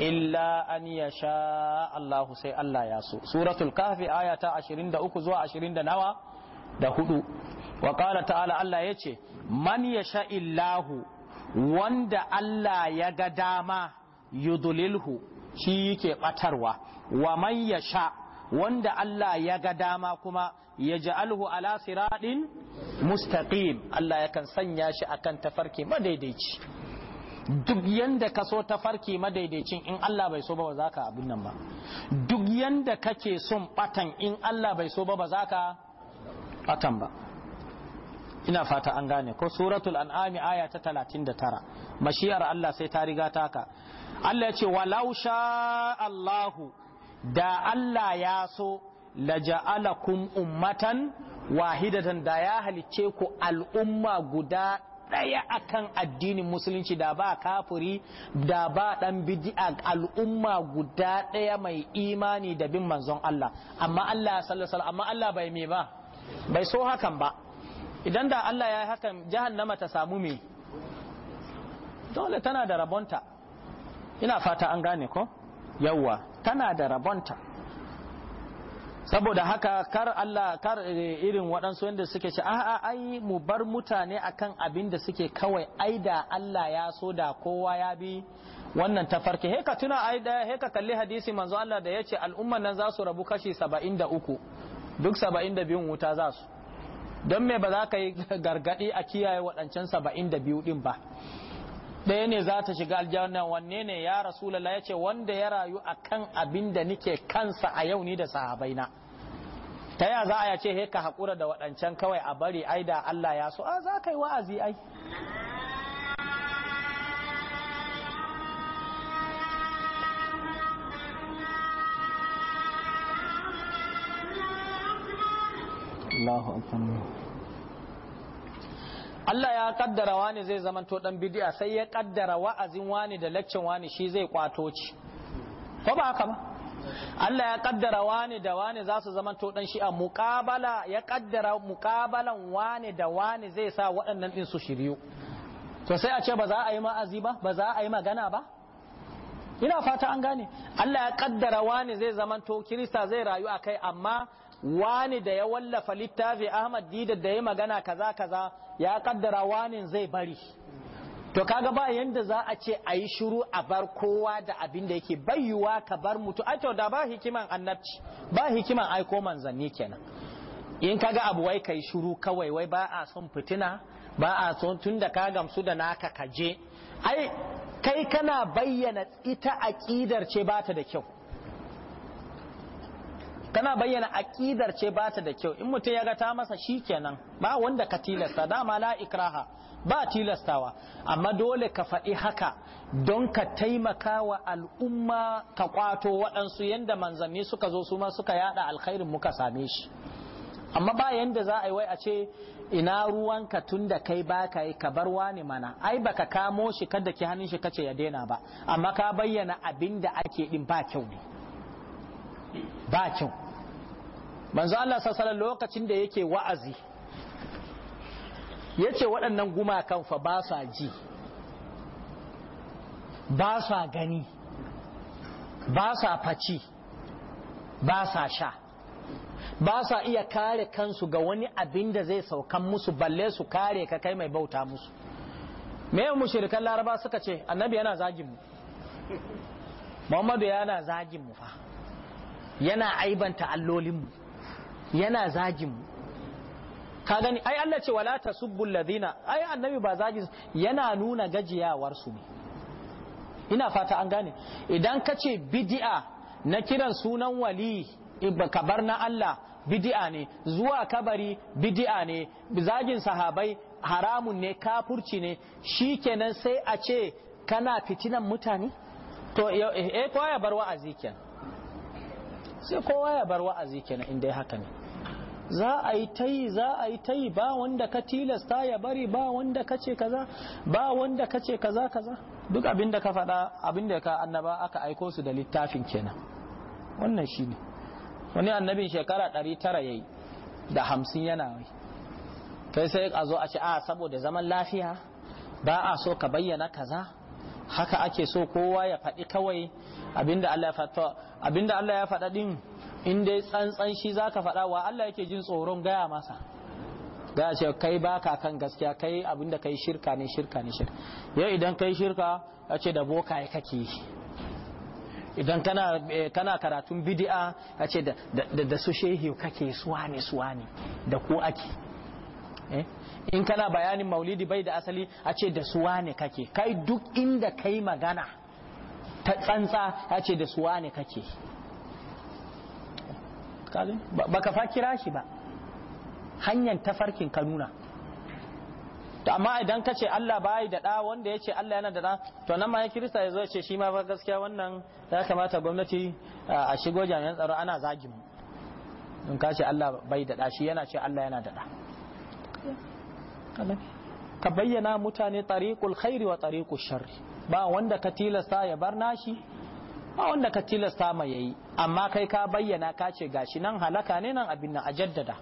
illa an yasha Allahu sai Allah ya so suratul kahfi aya ta 23 zuwa 20 nawa da hudu wa qala ta'ala Allah yace man yasha illahu wanda Allah ya ga dama yudlilhu shi yake batarwa wa man sha wanda Allah ya ga dama kuma ya ja'alhu ala siradin. mustaqim Allah yakan sanya shi akan tafarki madaidaici duk yanda ka so tafarki madaidaicin in Allah bai so ba ba zaka abin nan ba duk yanda kake son batan in Allah bai so ba ba zaka batan ba ina fata an gane ko suratul an'ami aya ta 39 mashiyar Allah sai ta riga ta ka Allah ya ce walau sha Allahu da Allah ya so laja'alakum ummatan wahidatan da ya halice ku al'umma guda daya akan addinin musulunci da ba kafiri da ba dan bid'a al'umma guda daya mai imani da bin manzon Allah amma Allah sallallahu amma Allah bai me ba bai so hakan ba idan da Allah ya yi hakan jahannama ta samu me dole tana da rabonta ina fata an gane ko yawwa tana da rabonta saboda haka kar Allah kar eh, irin waɗansu wanda suke ce a ai mu bar mutane akan abin da suke kawai ai da Allah ya so da kowa ya bi wannan tafarki he ka tuna ai da he ka kalli hadisi manzo Allah da yace al'umman nan za su rabu kashi 73 duk 72 wuta za su don me ba za ka yi gargadi a kiyaye waɗancan 72 din ba ɗaya ne za ta shiga aljanna wanne ne ya rasulallah ya ce wanda ya rayu akan abin da nike kansa a yau ni da sahabaina ta ya za a ya ce ka haƙura da waɗancan kawai a bari ai da Allah ya so a za ka yi wa'azi ai Allah ya kaddara wani zai zamanto dan bidiya sai ya kaddara wa'azin wani da laccin wani shi zai kwato ci ko ba haka ba Allah ya kaddara wane da wane za su zama to dan shi'a muqabala ya kaddara mukabalan wane da wane zai sa waɗannan ɗin su shiryu to sai a ce ba za a yi ma'azi ba ba za a yi magana ba ina fata an gane Allah ya kaddara wane zai zamanto kirista zai rayu a kai amma wane da ya wallafa littafi Ahmad Dida da ya yi magana kaza kaza ya kaddara wani zai bari to kaga ba yanda za a ce a yi shiru a bar kowa da abin da yake bayyuwa ka bar mutu ai to da ba hikiman annabci ba hikiman aiko manzanni kenan in kaga abu wai kai shiru kawai wai ba a son fitina ba a son tunda ka gamsu da naka kaje ai kai kana bayyana ita aqidar ce bata da kyau kana bayyana aqidar ce ba ta da kyau in mutum ya ga ta masa shikenan ba wanda ka tilasta dama la ikraha ba tilastawa amma dole ka faɗi haka don ka taimaka wa al'umma ka kwato waɗansu yanda manzanni suka zo su ma suka yada alkhairin muka same shi amma ba yanda za a yi wai a ce ina ruwanka tun da kai baka yi ka bar wani mana ai baka kamo shi kada ki hannun shi kace ya daina ba amma ka bayyana abinda ake din ba kyau ne ba kyau manzo Allah sallallahu lokacin da yake wa'azi yace waɗannan gumakan fa ba sa ji ba sa gani ba sa faci ba sa sha ba sa iya kare kansu ga wani abin da zai saukan musu balle su kare ka kai mai bauta musu me mu mushrikan laraba suka ce annabi yana zagin mu muhammadu yana zagin mu fa yana aibanta allolinmu yana mu ka gani ai Allah ce wala tasubbul ladina ai annabi ba zagin yana nuna gajiyawar su ne ina fata an gane idan ka ce bid'a na kiran sunan wali kabar na Allah bid'a ne zuwa kabari bid'a ne zagin sahabai haramun ne kafurci ne shikenan sai a ce kana fitinan mutane to eh, eh kowa ya bar wa'azi kenan sai kowa ya bar wa'azi kenan in dai haka ne za a yi ta yi za a yi ta yi ba wanda ka tilasta ya bari ba wanda ka ce kaza ba wanda ka ce kaza kaza duk abinda ka faɗa abinda ka annaba aka aiko su da littafin kenan wannan shi ne wani annabin shekara ɗari tara ya yi da hamsin yana yi kai sai a zo a ce a saboda zaman lafiya ba a so ka bayyana kaza haka ake so kowa ya faɗi kawai abinda Allah ya faɗa abinda Allah ya faɗa din in dai tsantsan shi zaka faɗa wa Allah yake jin tsoron gaya masa gaya ce kai baka kan gaskiya kai abinda kai shirka ne shirka ne shirka ya idan kai shirka ya ce da boka ya kake yi idan eh, kana karatun bidi'a ya ce da su shehi kake suwa ne suwa ne da ku ake Eh? in kana bayanin maulidi bai da asali a ce da suwa ne kake kai duk inda kai magana ta tsantsa a ce da suwa ne kake baka fa kira shi ba hanyar tafarkin ka nuna to amma idan ka ce Allah bai da da wanda ya ce Allah yana da da to nan ma ya kirista ya zo ce shi ma ba gaskiya wannan ya kamata gwamnati a shigo jami'an tsaro ana zagin in ka ce Allah bai da da shi yana ce Allah yana da da ka bayyana mutane tariqul khairi wa tariqul sharri ba wanda ka tilasta ya bar nashi ba wanda ka tilasta ma yayi amma kai ka bayyana ka ce gashi nan halaka ne nan abin nan a jaddada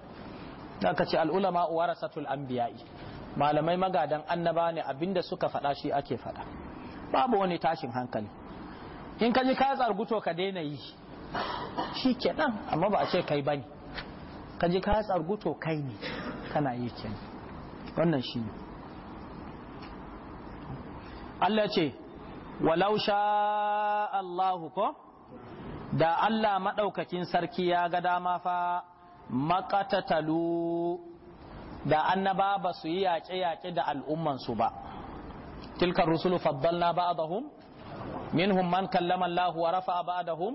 da ka ce al ulama warasatul anbiya'i malamai magadan annaba ne abinda suka faɗa shi ake faɗa babu wani tashin hankali in ka ji ka tsarguto ka daina yi shi kenan amma ba a ce kai bane ka ji ka tsarguto kai ne kana yi kenan wannan shi ne Allah ce walau sha Allahu ko da Allah maɗaukakin sarki ya ga dama fa makatatalu da annaba ba su yi yaƙe-yaƙe da al'ummansu ba tilkar rusulu faddalna ba'dahum minhum man kallama Allah wa rafa'a ba'dahum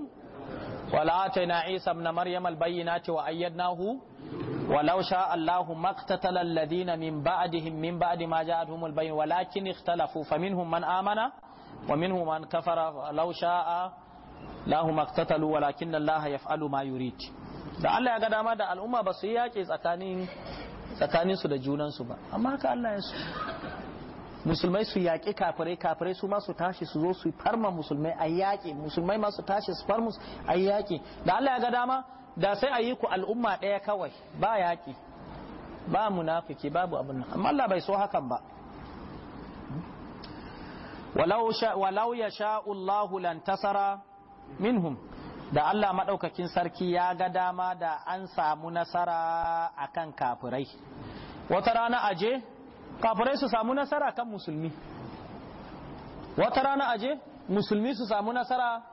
wa na Isa ibn Maryam al ce wa ayyadnahu ولو شاء الله ما اقتتل الذين من بعدهم من بعد ما جاءتهم البين ولكن اختلفوا فمنهم من آمن ومنهم من كفر لو شاء الله ما اقتتلوا ولكن الله يفعل ما يريد da Allah ya ga dama da al'umma ba su yi yaƙi tsakanin tsakanin su da junan su ba amma haka Allah ya su musulmai su yaƙi kafirai kafirai su ma su tashi su zo su farma musulmai a yaƙi musulmai ma su tashi su farmus a yaƙi da Allah ya ga dama da sai a yi ku al'umma ɗaya kawai ba yaƙi ba munafiki babu abin nan amma Allah bai so hakan ba walau ya sha'ullahu lantasara minhum da Allah maɗaukakin sarki ya ga dama da an samu nasara a kan kafirai wata rana aje kafirai su samu nasara kan musulmi wata rana aje musulmi su samu nasara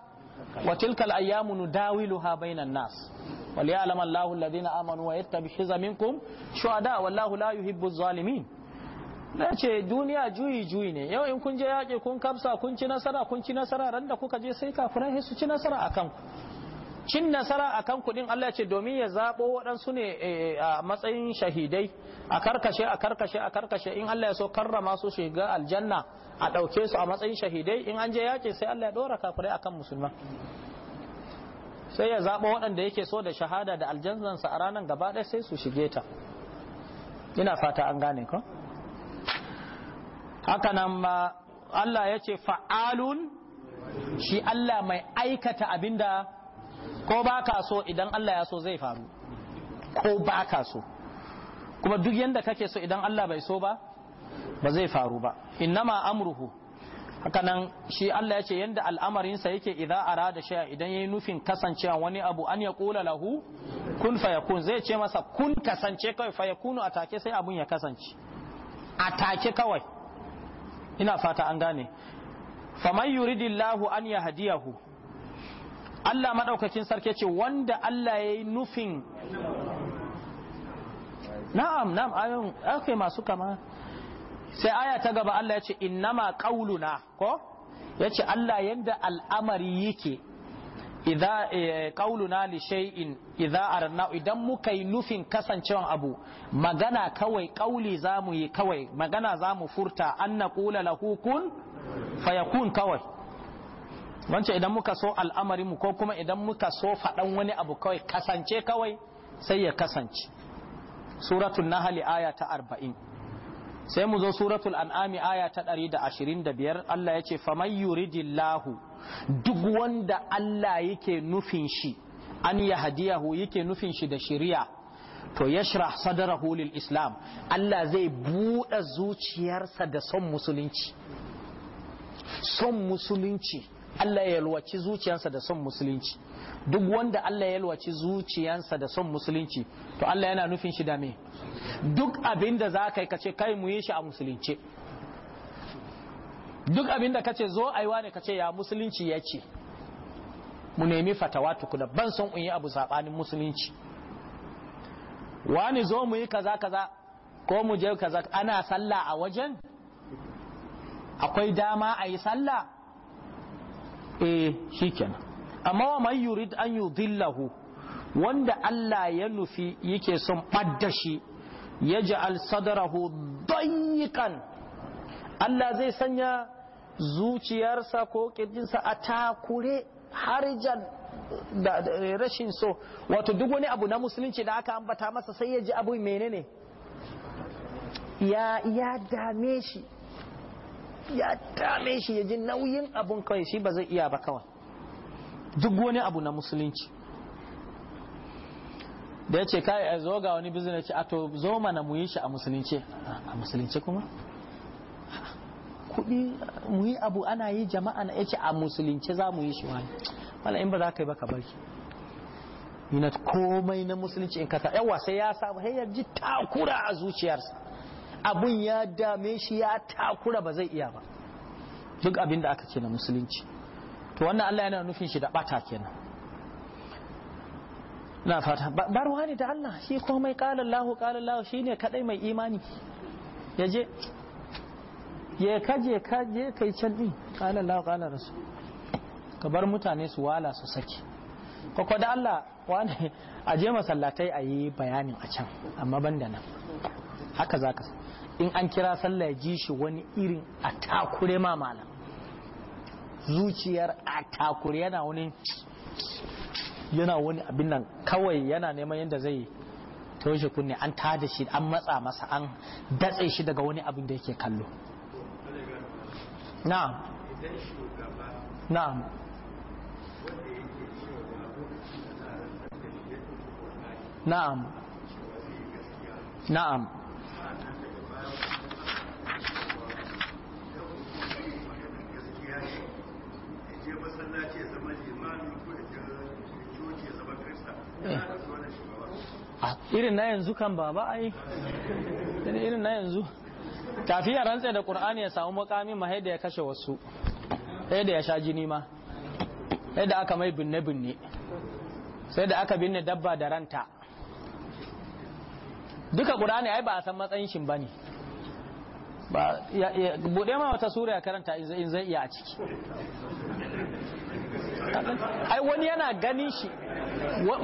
وتلك الأيام نداولها بين الناس وليعلم الله الذين آمنوا ويتبع منكم شهداء والله لا يحب الظالمين na ce duniya juyi juyi ne yau in kun je yaƙi kun kamsa kun ci nasara kun ci nasara ran da kuka je sai kafirai su ci nasara a kanku cin nasara a kan kudin Allah ce domin ya zaɓo waɗansu ne eh, a matsayin shahidai a karkashe a karkashe a karkashe in Allah ya so karrama su shiga aljanna a ɗauke su a matsayin shahidai in an je yaƙi sai Allah ya ɗora kafirai kan musulma. sai ya zaɓo waɗanda yake so da shahada da aljannansa a ranar gaba ɗaya sai su shige ta ina fata an gane ko haka nan ma Allah ya ce fa'alun shi Allah mai aikata abinda ko ba ka so idan Allah ya so zai faru ko ba ka so kuma duk yanda kake so idan Allah bai so ba ba zai faru ba innama amruhu haka nan shi Allah ya ce yanda al'amarinsa yake idza arada shay'a idan yayi nufin kasancewa wani abu an ya kula lahu kun fayakun zai ce masa kun kasance kawai fayakunu atake sai abun ya kasance atake kawai ina fata an gane faman yuridillahu an yahdiyahu Allah maɗaukakin sarki ce wanda Allah ya yi nufin na'am na'am ayon ake masu kama sai aya ta gaba Allah ya ce innama qauluna ko ya ce Allah yanda al'amari yake idza eh, qauluna li shay'in idza arna idan muka yi nufin kasancewan abu magana kawai za mu yi kawai magana zamu furta an naqula lahu kun fayakun kawai wancan idan muka so al'amari mu ko kuma idan muka so faɗan wani abu kawai kasance kawai sai ya kasance suratul nahali aya ta arba'in sai mu zo suratul an'ami aya ta ɗari da ashirin da biyar Allah yace ce faman yuridillahu duk wanda Allah yake nufin shi an ya hadiyahu yake nufin shi da shiriya to yashrah sadarahu lil islam Allah zai buɗe zuciyarsa da son musulunci son musulunci Allah ya yalwaci zuciyansa da son musulunci duk wanda Allah ya yalwaci zuciyansa da son musulunci to Allah yana nufin shi da me duk abin da za ka yi kace kai mu yi shi a musulunce duk abin da kace zo aiwa ne kace ya musulunci ya ce mu nemi fatawa tukuna ban son in yi abu sabanin musulunci wani zo mu yi kaza kaza ko mu je kaza ana sallah a wajen akwai dama a yi sallah eh shikenan amma wa man yurid an yudillahu wanda Allah ya nufi yake son ɓadda shi ya ja'al sadarahu dayyikan Allah zai sanya zuciyarsa ko kirjinsa a takure harijan da eh, rashin so wato duk wani abu na musulunci da aka ambata masa sai ya ji abu menene ya ya dame shi ya dame shi ya ji nauyin abun kawai shi ba zai iya ba kawai duk wani abu na musulunci da ya ce kai a zo ga wani business a to zo mana mu yi shi a musulunci a musulunci kuma kuɗi mu yi abu ana yi jama'a na yace a musulunci za mu yi shi wani wala in ba za ka yi ba ka bar ni komai na musulunci in kata yawa sai ya samu hayar ji takura a zuciyarsa abun ya dame shi ya takura ba zai iya ba duk abin da aka ce na musulunci to wannan Allah yana nufin shi da bata kenan na fata barwa ne da Allah shi komai kala Allah kala Allah shine kadai mai imani yaje ya kaje kaje kai can din kala Allah kala rasul ka bar mutane su wala su saki kwakwa da Allah wani a je masallatai a yi bayanin a can amma ban nan haka za ka in an kira sallah ya ji shi wani irin a takure ma malam zuciyar a takure yana wani yana wani abin nan kawai yana neman yadda zai taushe kunne an tada shi an matsa masa an datse shi daga wani abin da yake kallo na' na'am na'am na'am zama ko coci zama krista irin na yanzu kan baba ai irin na yanzu kafi rantse da qur'ani ya samu makamin ma da ya kashe wasu haida ya sha jini ma haida aka mai binne binne sai da aka binne dabba da ranta duka qur'ani ai ba a san matsayin shi bane ba bude ma wata sura ya karanta in zai iya a ciki ai wani yana ganin shi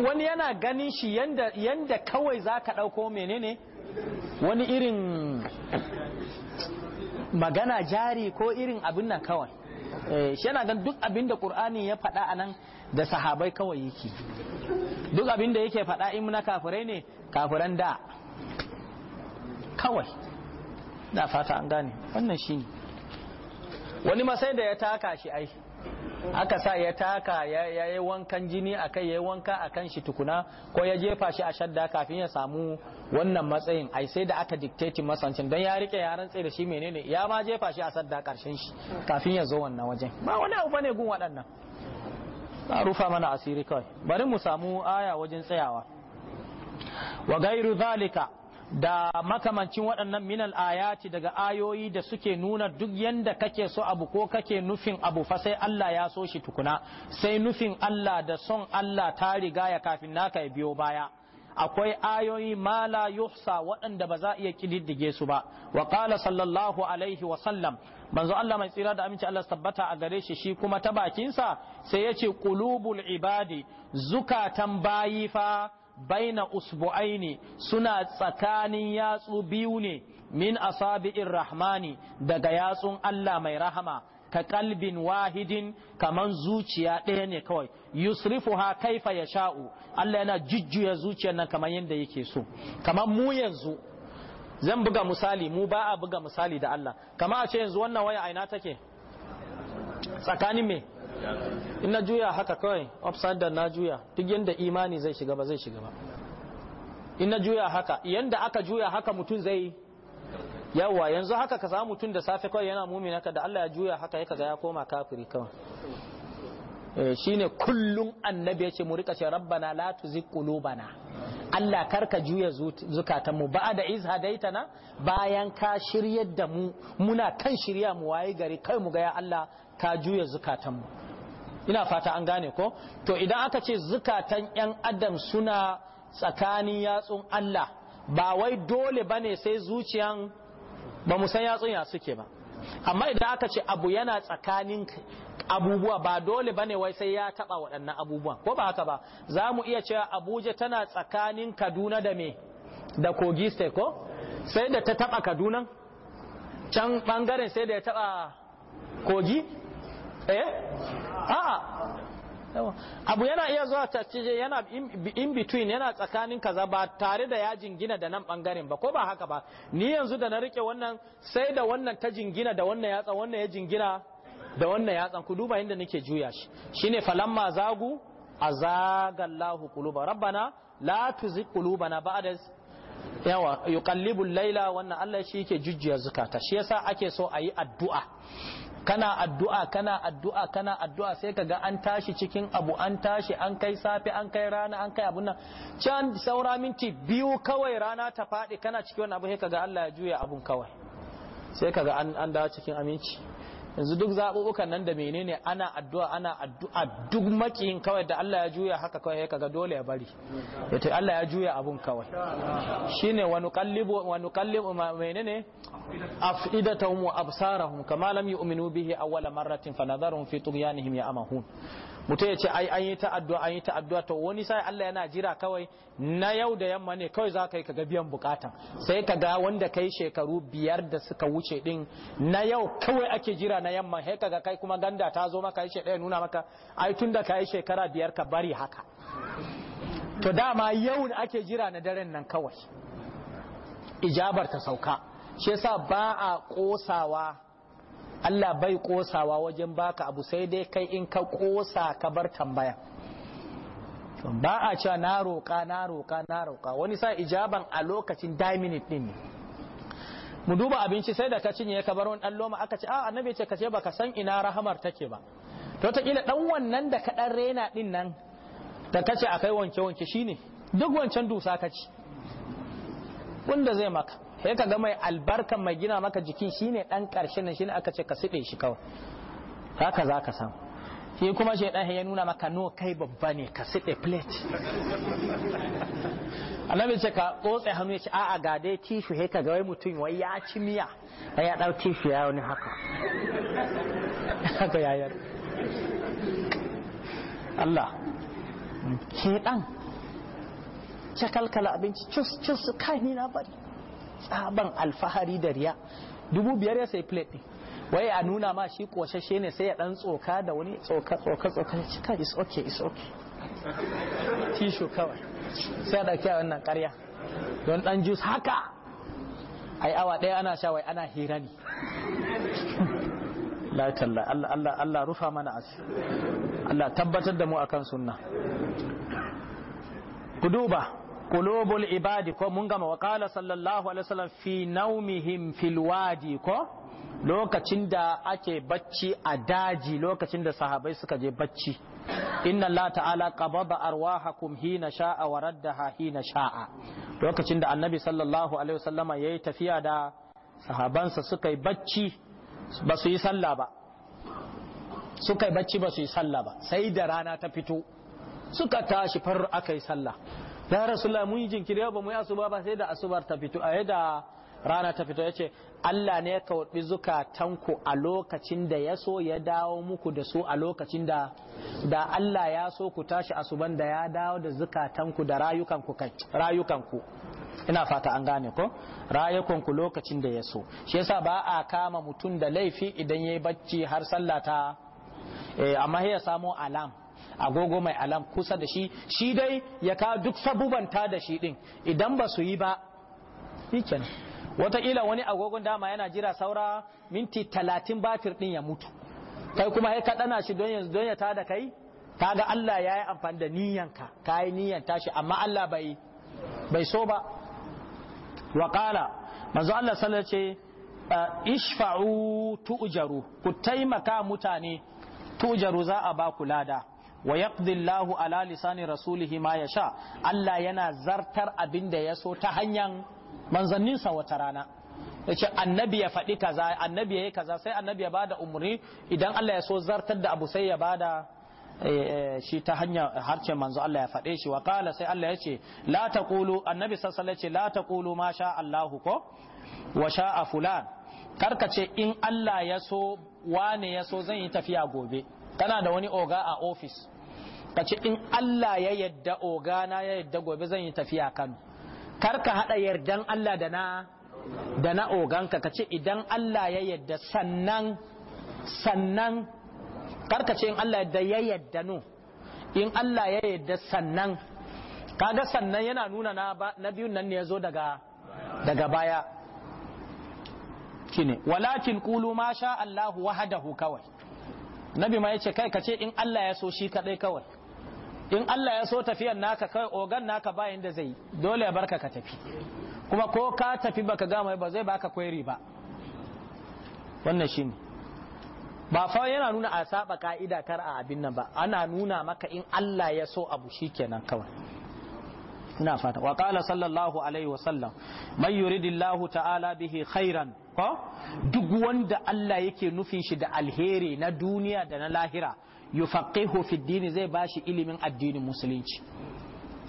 wani yana ganin shi yanda yanda kawai zaka dauko menene wani irin magana jari ko irin abin nan kawai eh, shi yana gan duk abin da qur'ani ya faɗa anan da sahabai kawai yake duk abin da yake faɗa in muna kafirai ne kafiran da kawai na fata an gane wannan shine wani masai da ya taka shi ai aka sa ya taka ya yi wankan jini akai kai ya yi wanka a kan shi tukuna ko ya jefa shi a shadda kafin ya samu wannan matsayin ai sai da aka dictate masancin don ya rike ya rantse da shi menene ya ma jefa shi a sadda karshen shi kafin ya zo wannan wajen ba wani abu bane gun waɗannan a rufa mana asiri kawai bari mu samu aya wajen tsayawa wa gairu zalika da makamancin waɗannan minal ayati daga ayoyi da suke nuna duk yanda kake so abu ko kake nufin abu fa sai Allah ya so shi tukuna sai nufin Allah da son Allah ta riga ya kafin naka ya biyo baya akwai ayoyi ma la yuhsa waɗanda ba za a iya kididdige su ba wa qala sallallahu alaihi wa sallam manzo Allah mai tsira da aminci Allah tabbata a gare shi shi kuma ta bakinsa sai yace qulubul ibadi zukatan bayi fa baina usbu'aini suna tsakanin yatsu biyu ne min asabi'ir rahmani daga yatsun Allah mai rahama ka kalbin wahidin kaman zuciya ɗaya ne kawai yusrifu ha kaifa ya sha'u Allah yana jujjuya zuciyar nan kaman yadda yake so Kaman mu yanzu zan buga misali mu ba a buga misali da Allah kama a ce yanzu wannan waya aina take tsakanin me in na juya haka kawai upside down na juya duk yanda imani zai shiga ba zai shiga ba in na juya haka yanda aka juya haka mutum zai yawa yanzu haka ka samu mutum da safe kawai yana mumin haka da Allah ya juya haka ya kaga ya koma kafiri kawai eh, shine kullum annabi ya ce mu rika ce rabbana la tuzigh qulubana Allah karka juya zukatanmu ba da iz hadaitana bayan ka shiryar da mu muna kan shirya mu waye gari kai mu ga Allah ka juya zukatanmu ina fata an gane ko to idan aka ce zukatan yan adam suna tsakanin yatsun Allah ba wai dole bane sai zuciyan ba mu san yatsun ya suke ba amma idan aka ce abu yana tsakanin abubuwa ba dole bane wai sai ya taba waɗannan abubuwan ko ba haka ba za mu iya cewa Abuja tana tsakanin Kaduna da me da Kogi State ko sai da ta taba Kaduna can bangaren sai da ya taba Kogi eh a'a abu yana iya zuwa tacije yana in between yana tsakanin kaza ba tare da ya jingina da nan bangaren ba ko ba haka ba ni yanzu da na rike wannan sai da wannan ta jingina da wannan yatsa wannan ya jingina da wannan yatsan ku duba inda nake juya shi shine falamma zagu azagallahu quluba rabbana la tuzigh qulubana ba'da yawa yuqallibul laila wannan Allah shi yake jujjuya zakata shi yasa ake so ayi addu'a kana addu'a kana addu'a kana addu'a sai ka ga an tashi cikin abu an tashi an kai safe an kai rana an kai abun nan can saura minti biyu kawai rana ta faɗi kana cikin wani abu sai ka ga Allah ya juya abun kawai sai kaga ga an dawo cikin aminci yanzu duk zaɓuɓɓukan nan da menene ana addu'a ana addu'a duk makiyin kawai da Allah ya juya haka kawai ya kaga dole ya bari ya ta Allah ya juya abun kawai shine wa nuqallibu wa nuqallibu menene afidatahum tsara absarahum kama lam yu'minu bihi awwala marratin fa nadharuhum fi tughyanihim amahun. mutum ya ce ai an yi ta addu'a an yi ta addu'a to wani sai Allah yana jira kawai na yau da yamma ne kawai za ka yi ka ga biyan bukatan sai ka ga wanda kai shekaru biyar da suka wuce din na yau kawai ake jira na yamma sai ka ga kai kuma ganda ta zo maka yace ɗaya nuna maka ai tun da kai shekara biyar ka bari haka to dama yau ake jira na daren nan kawai ijabar ta sauka shi yasa ba a kosawa Allah bai kosawa wajen baka abu sai dai kai in ka kosa ka bar tambaya ba a cewa na roƙa na roƙa na roƙa wani sa ijaban a lokacin diminit din ne mu duba abinci sai da ka cinye ka bar wani ɗalloma aka ce a ah, annabi ce ka ce baka san ina rahamar take ba to ta kila dan wannan da ka dan rena din nan da kace akai wanke wanke shine duk wancan dusa ka ci wanda zai maka sai ka ga mai albarkan mai gina maka jiki shine dan karshe nan shine aka ce ka siɗe shi kawai haka za ka san shi kuma shaidan ya nuna maka no kai babba ne ka siɗe plate annabi ce ka tsotse hannu ya ce a'a ga dai tishu he ka ga wai mutum wai ya ci miya ya dau tishu ya wani haka haka yayar Allah shaidan ce kalkala abinci cus cus kai ni na bari tsaban alfahari da riya dubu biyar ya sai plate ne waye a nuna ma shi koshashe ne sai ya dan tsoka da wani tsoka tsoka tsoka cika is okay is okay tishu kawai sai da kiyaye wannan ƙarya don dan juice haka ai awa ɗaya ana sha wai ana hira ne la talla Allah Allah Allah rufa mana asiri Allah tabbatar da mu akan sunna ku duba qulubul ibadi ko mun gama wa qala sallallahu alaihi wasallam fi naumihim fil wadi ko lokacin da ake bacci a daji lokacin da sahabai suka je bacci inna Allah ta'ala qabada arwahakum hina sha'a wa raddaha hina sha'a lokacin da annabi sallallahu alaihi wasallama yayi tafiya da sahabansa suka yi bacci ba su yi sallah ba suka yi bacci ba su yi sallah ba sai da rana ta fito suka tashi far aka yi sallah ya rasulullah mun yi jinkiri yau ba mu yi asuba ba sai da asubar ta fito a eh, da rana ta fito yace Allah ne ya zuka zukatanku a lokacin da ya so ya dawo muku da su a lokacin da da Allah ya so ku tashi asuban da ya dawo da zukatanku da rayukanku ina fata an gane ko rayukanku lokacin da ya so shi yasa ba a kama mutum da laifi idan ya yi bacci har sallah ta eh, amma ya samo alam agogo mai alam kusa da shi shi dai ya ka duk sabubanta da shi din idan ba su yi ba shiken wataƙila wani agogon dama yana jira saura minti talatin batir din ya mutu kai kuma ya kaɗana shi don yanzu don ya tada kai kaga Allah ya yi amfani da niyyanka ka yi niyyan tashi amma Allah bai bai so ba wa qala manzo Allah sallallahu ce ah, ishfa'u tu'jaru ku taimaka mutane tu'jaru za a ba ku lada wa yaqdi Allahu ala lisani rasulihi ma yasha Allah yana zartar abin da ya so ta hanyar sa wata rana yace annabi ya faɗi kaza annabi ya yi kaza sai annabi ya bada umri idan Allah ya so zartar da abu sai ya bada eh, eh, shi ta hanya harshen manzo Allah ya faɗe shi wa qala sai Allah ya ce la taqulu annabi sallallahu alaihi wasallam la taqulu ma sha Allahu ko wa sha'a fulan karka ce in Allah ya so wane ya so zan yi tafiya gobe kana da wani oga a office ka ce in Allah ya yadda ogana ya yadda gobe zan yi tafiya Kano kar ka hada yardan Allah da na da na oganka ka ce idan Allah ya yadda sannan sannan kar ka ce in Allah yadda ya yadda no in Allah ya yadda sannan kaga sannan yana nuna na na biyun nan ne ya zo daga daga baya kine walakin qulu ma sha Allahu wahdahu kawai nabi ma yace kai kace in Allah ya so shi kadai kawai in Allah ya so tafiyan naka kai ogan naka bayan da zai dole ya barka ka tafi kuma ko ka tafi baka gama ba zai baka kwairi ba wannan shine ba fa yana nuna a saba ka'ida kar a abin nan ba ana nuna maka in Allah ya so abu shikenan kawai ina fata wa qala sallallahu alaihi wa sallam man yuridillahu ta'ala bihi khairan ko duk wanda Allah yake nufin shi da alheri na duniya da na lahira yufaqihu fi dini zai bashi ilimin addinin musulunci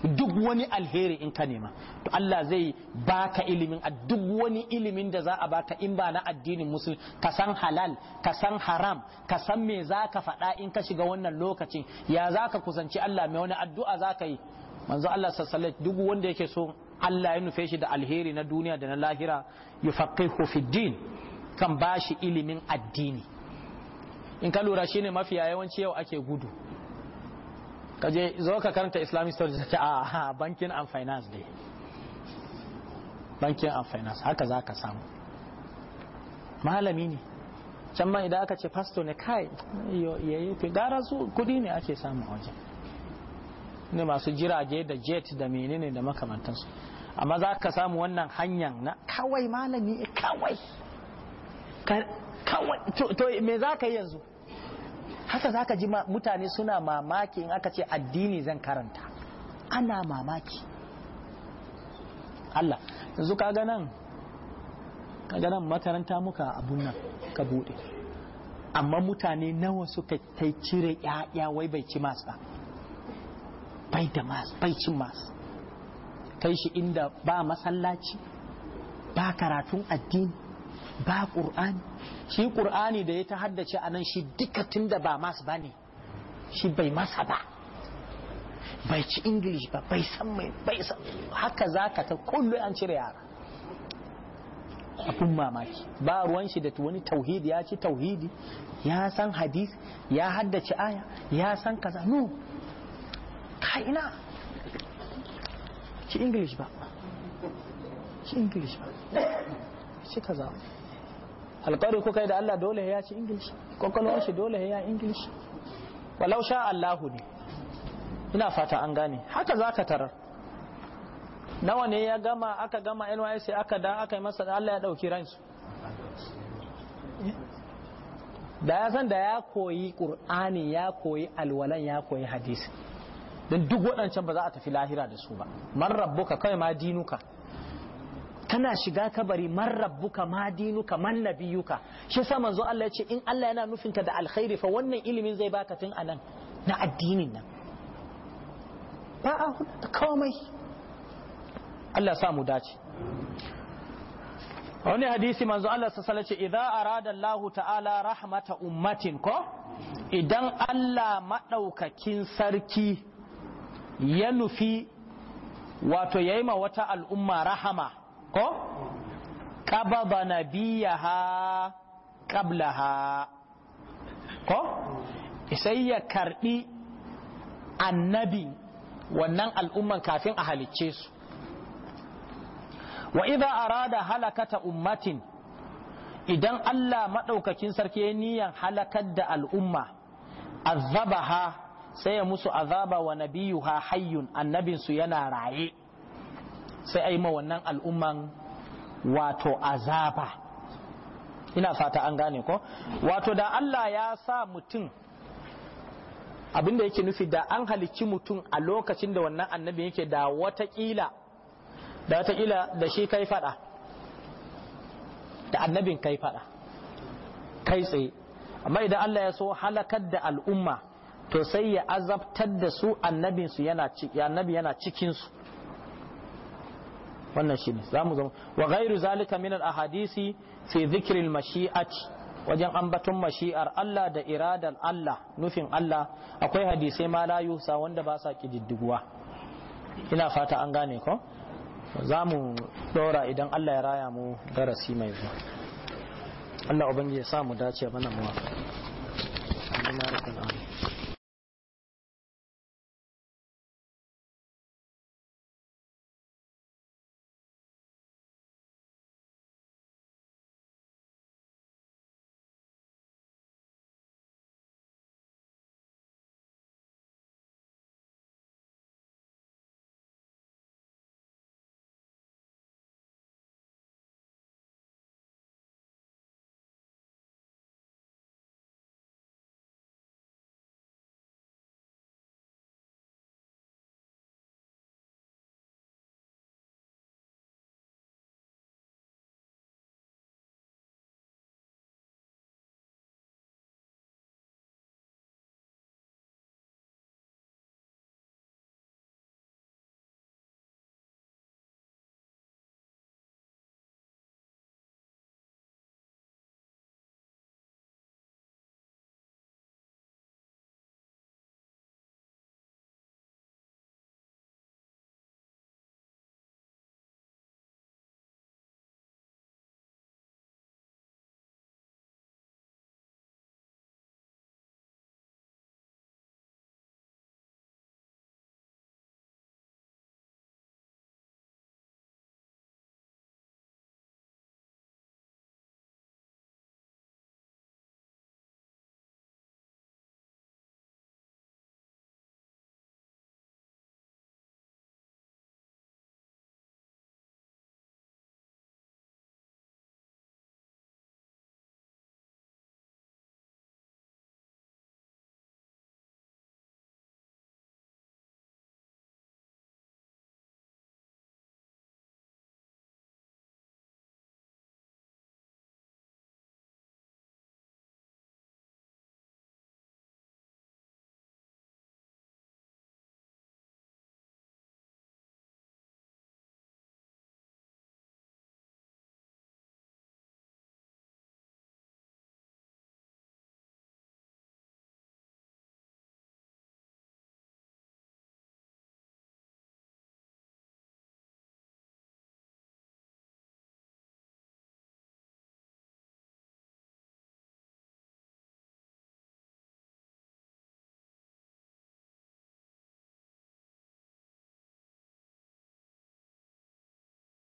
duk wani alheri in ka nema to Allah zai baka ilimin a duk wani ilimin da za a baka in ba na addinin musulmi ka san halal ka san haram ka san me za ka faɗa in ka shiga wannan lokacin ya za ka kusanci Allah mai wani addu'a za ka yi manzo Allah sassalat duk wanda yake so Allah ya nufe shi da alheri na duniya da na lahira yufaqihu fi din kan bashi ilimin addini in ka lura shine mafiya yawanci yau ake gudu kaje zo ka karanta islamic studies ce a banking and finance dai banking and finance haka za ka samu malami ne can ma idan aka ce pastor ne kai yayi fi gara su kudi ne ake samu a wajen ne masu jirage da jet da menene da makamantansu amma za ka samu wannan hanyar na kawai malami kawai kawai to me za ka yi yanzu haka za ka ji mutane suna mamaki in aka ce addini zan karanta ana mamaki Allah yanzu ka nan ka nan makaranta muka abun nan ka bude amma mutane nawa suka tai cire ya'ya wai bai ci mas ba bai da mas bai cin mas kai shi inda ba masallaci ba karatun addini ba ƙur'ani shi ƙur'ani da ya ta haddace a nan shi duka tun da ba masu ba ne shi bai masa ba bai ci ingilish ba bai san mai bai san haka za ka ta kullu an cire yara abun mamaki ba ruwan shi da wani tauhidi ya ci tauhidi ya san hadis ya haddace aya ya san kaza no ka ina ci english ba ci ingilish ba ci kaza alƙari kuka yi da Allah dole ya ci ingilishi kwakwalwar shi dole ya ingilishi walau sha Allahu ne ina fata an gane haka za ka tarar nawa ne ya gama aka gama NYSC aka da aka yi masa da Allah ya ɗauki ransu da ya san da ya koyi ƙur'ani ya koyi alwalan ya koyi hadisi don duk waɗancan ba za a tafi lahira da su ba man rabbuka kawai ma dinuka kana shiga kabari man rabbuka ma dinuka man nabiyuka shi sa manzo Allah ya ce in Allah yana nufin ka da alkhairi fa wannan ilimin zai baka tun anan na addinin nan ba a komai Allah sa mu dace wani hadisi manzo Allah sa salace idza arada Allah ta'ala rahmata ummatin ko idan Allah madaukakin sarki ya nufi wato yayi ma wata al'umma rahama ko ha nabiyaha ha. ko sai ya karɓi annabi wannan al'umman kafin a halicce su wa iza arada halakata ummatin idan Allah maɗaukacin sarki ya niyan halakar da al'umma ha sai ya musu azaba wa nabiyuha hayyun annabinsu yana raye sai a yi ma wannan al'umman wato azaba ina fata an gane ko wato da Allah ya sa mutum abinda yake nufi da an halicci mutum a lokacin da wannan annabi yake da watakila da watakila da shi kai fada da annabin kai fada kai tsaye amma idan Allah ya so halakar da al'umma to sai ya azabtar da su annabinsu yana cikinsu wannan shi shine zamu zama wa ghairu zalika min al ahadisi fi dhikri al mashi'ati wajen ambaton mashi'ar Allah da iradar Allah nufin Allah akwai hadisai ma la yusa wanda ba sa kididdiguwa ina fata an gane ko za mu dora idan Allah ya raya mu darasi mai zuwa Allah ubangiji ya sa mu dace mana muwafa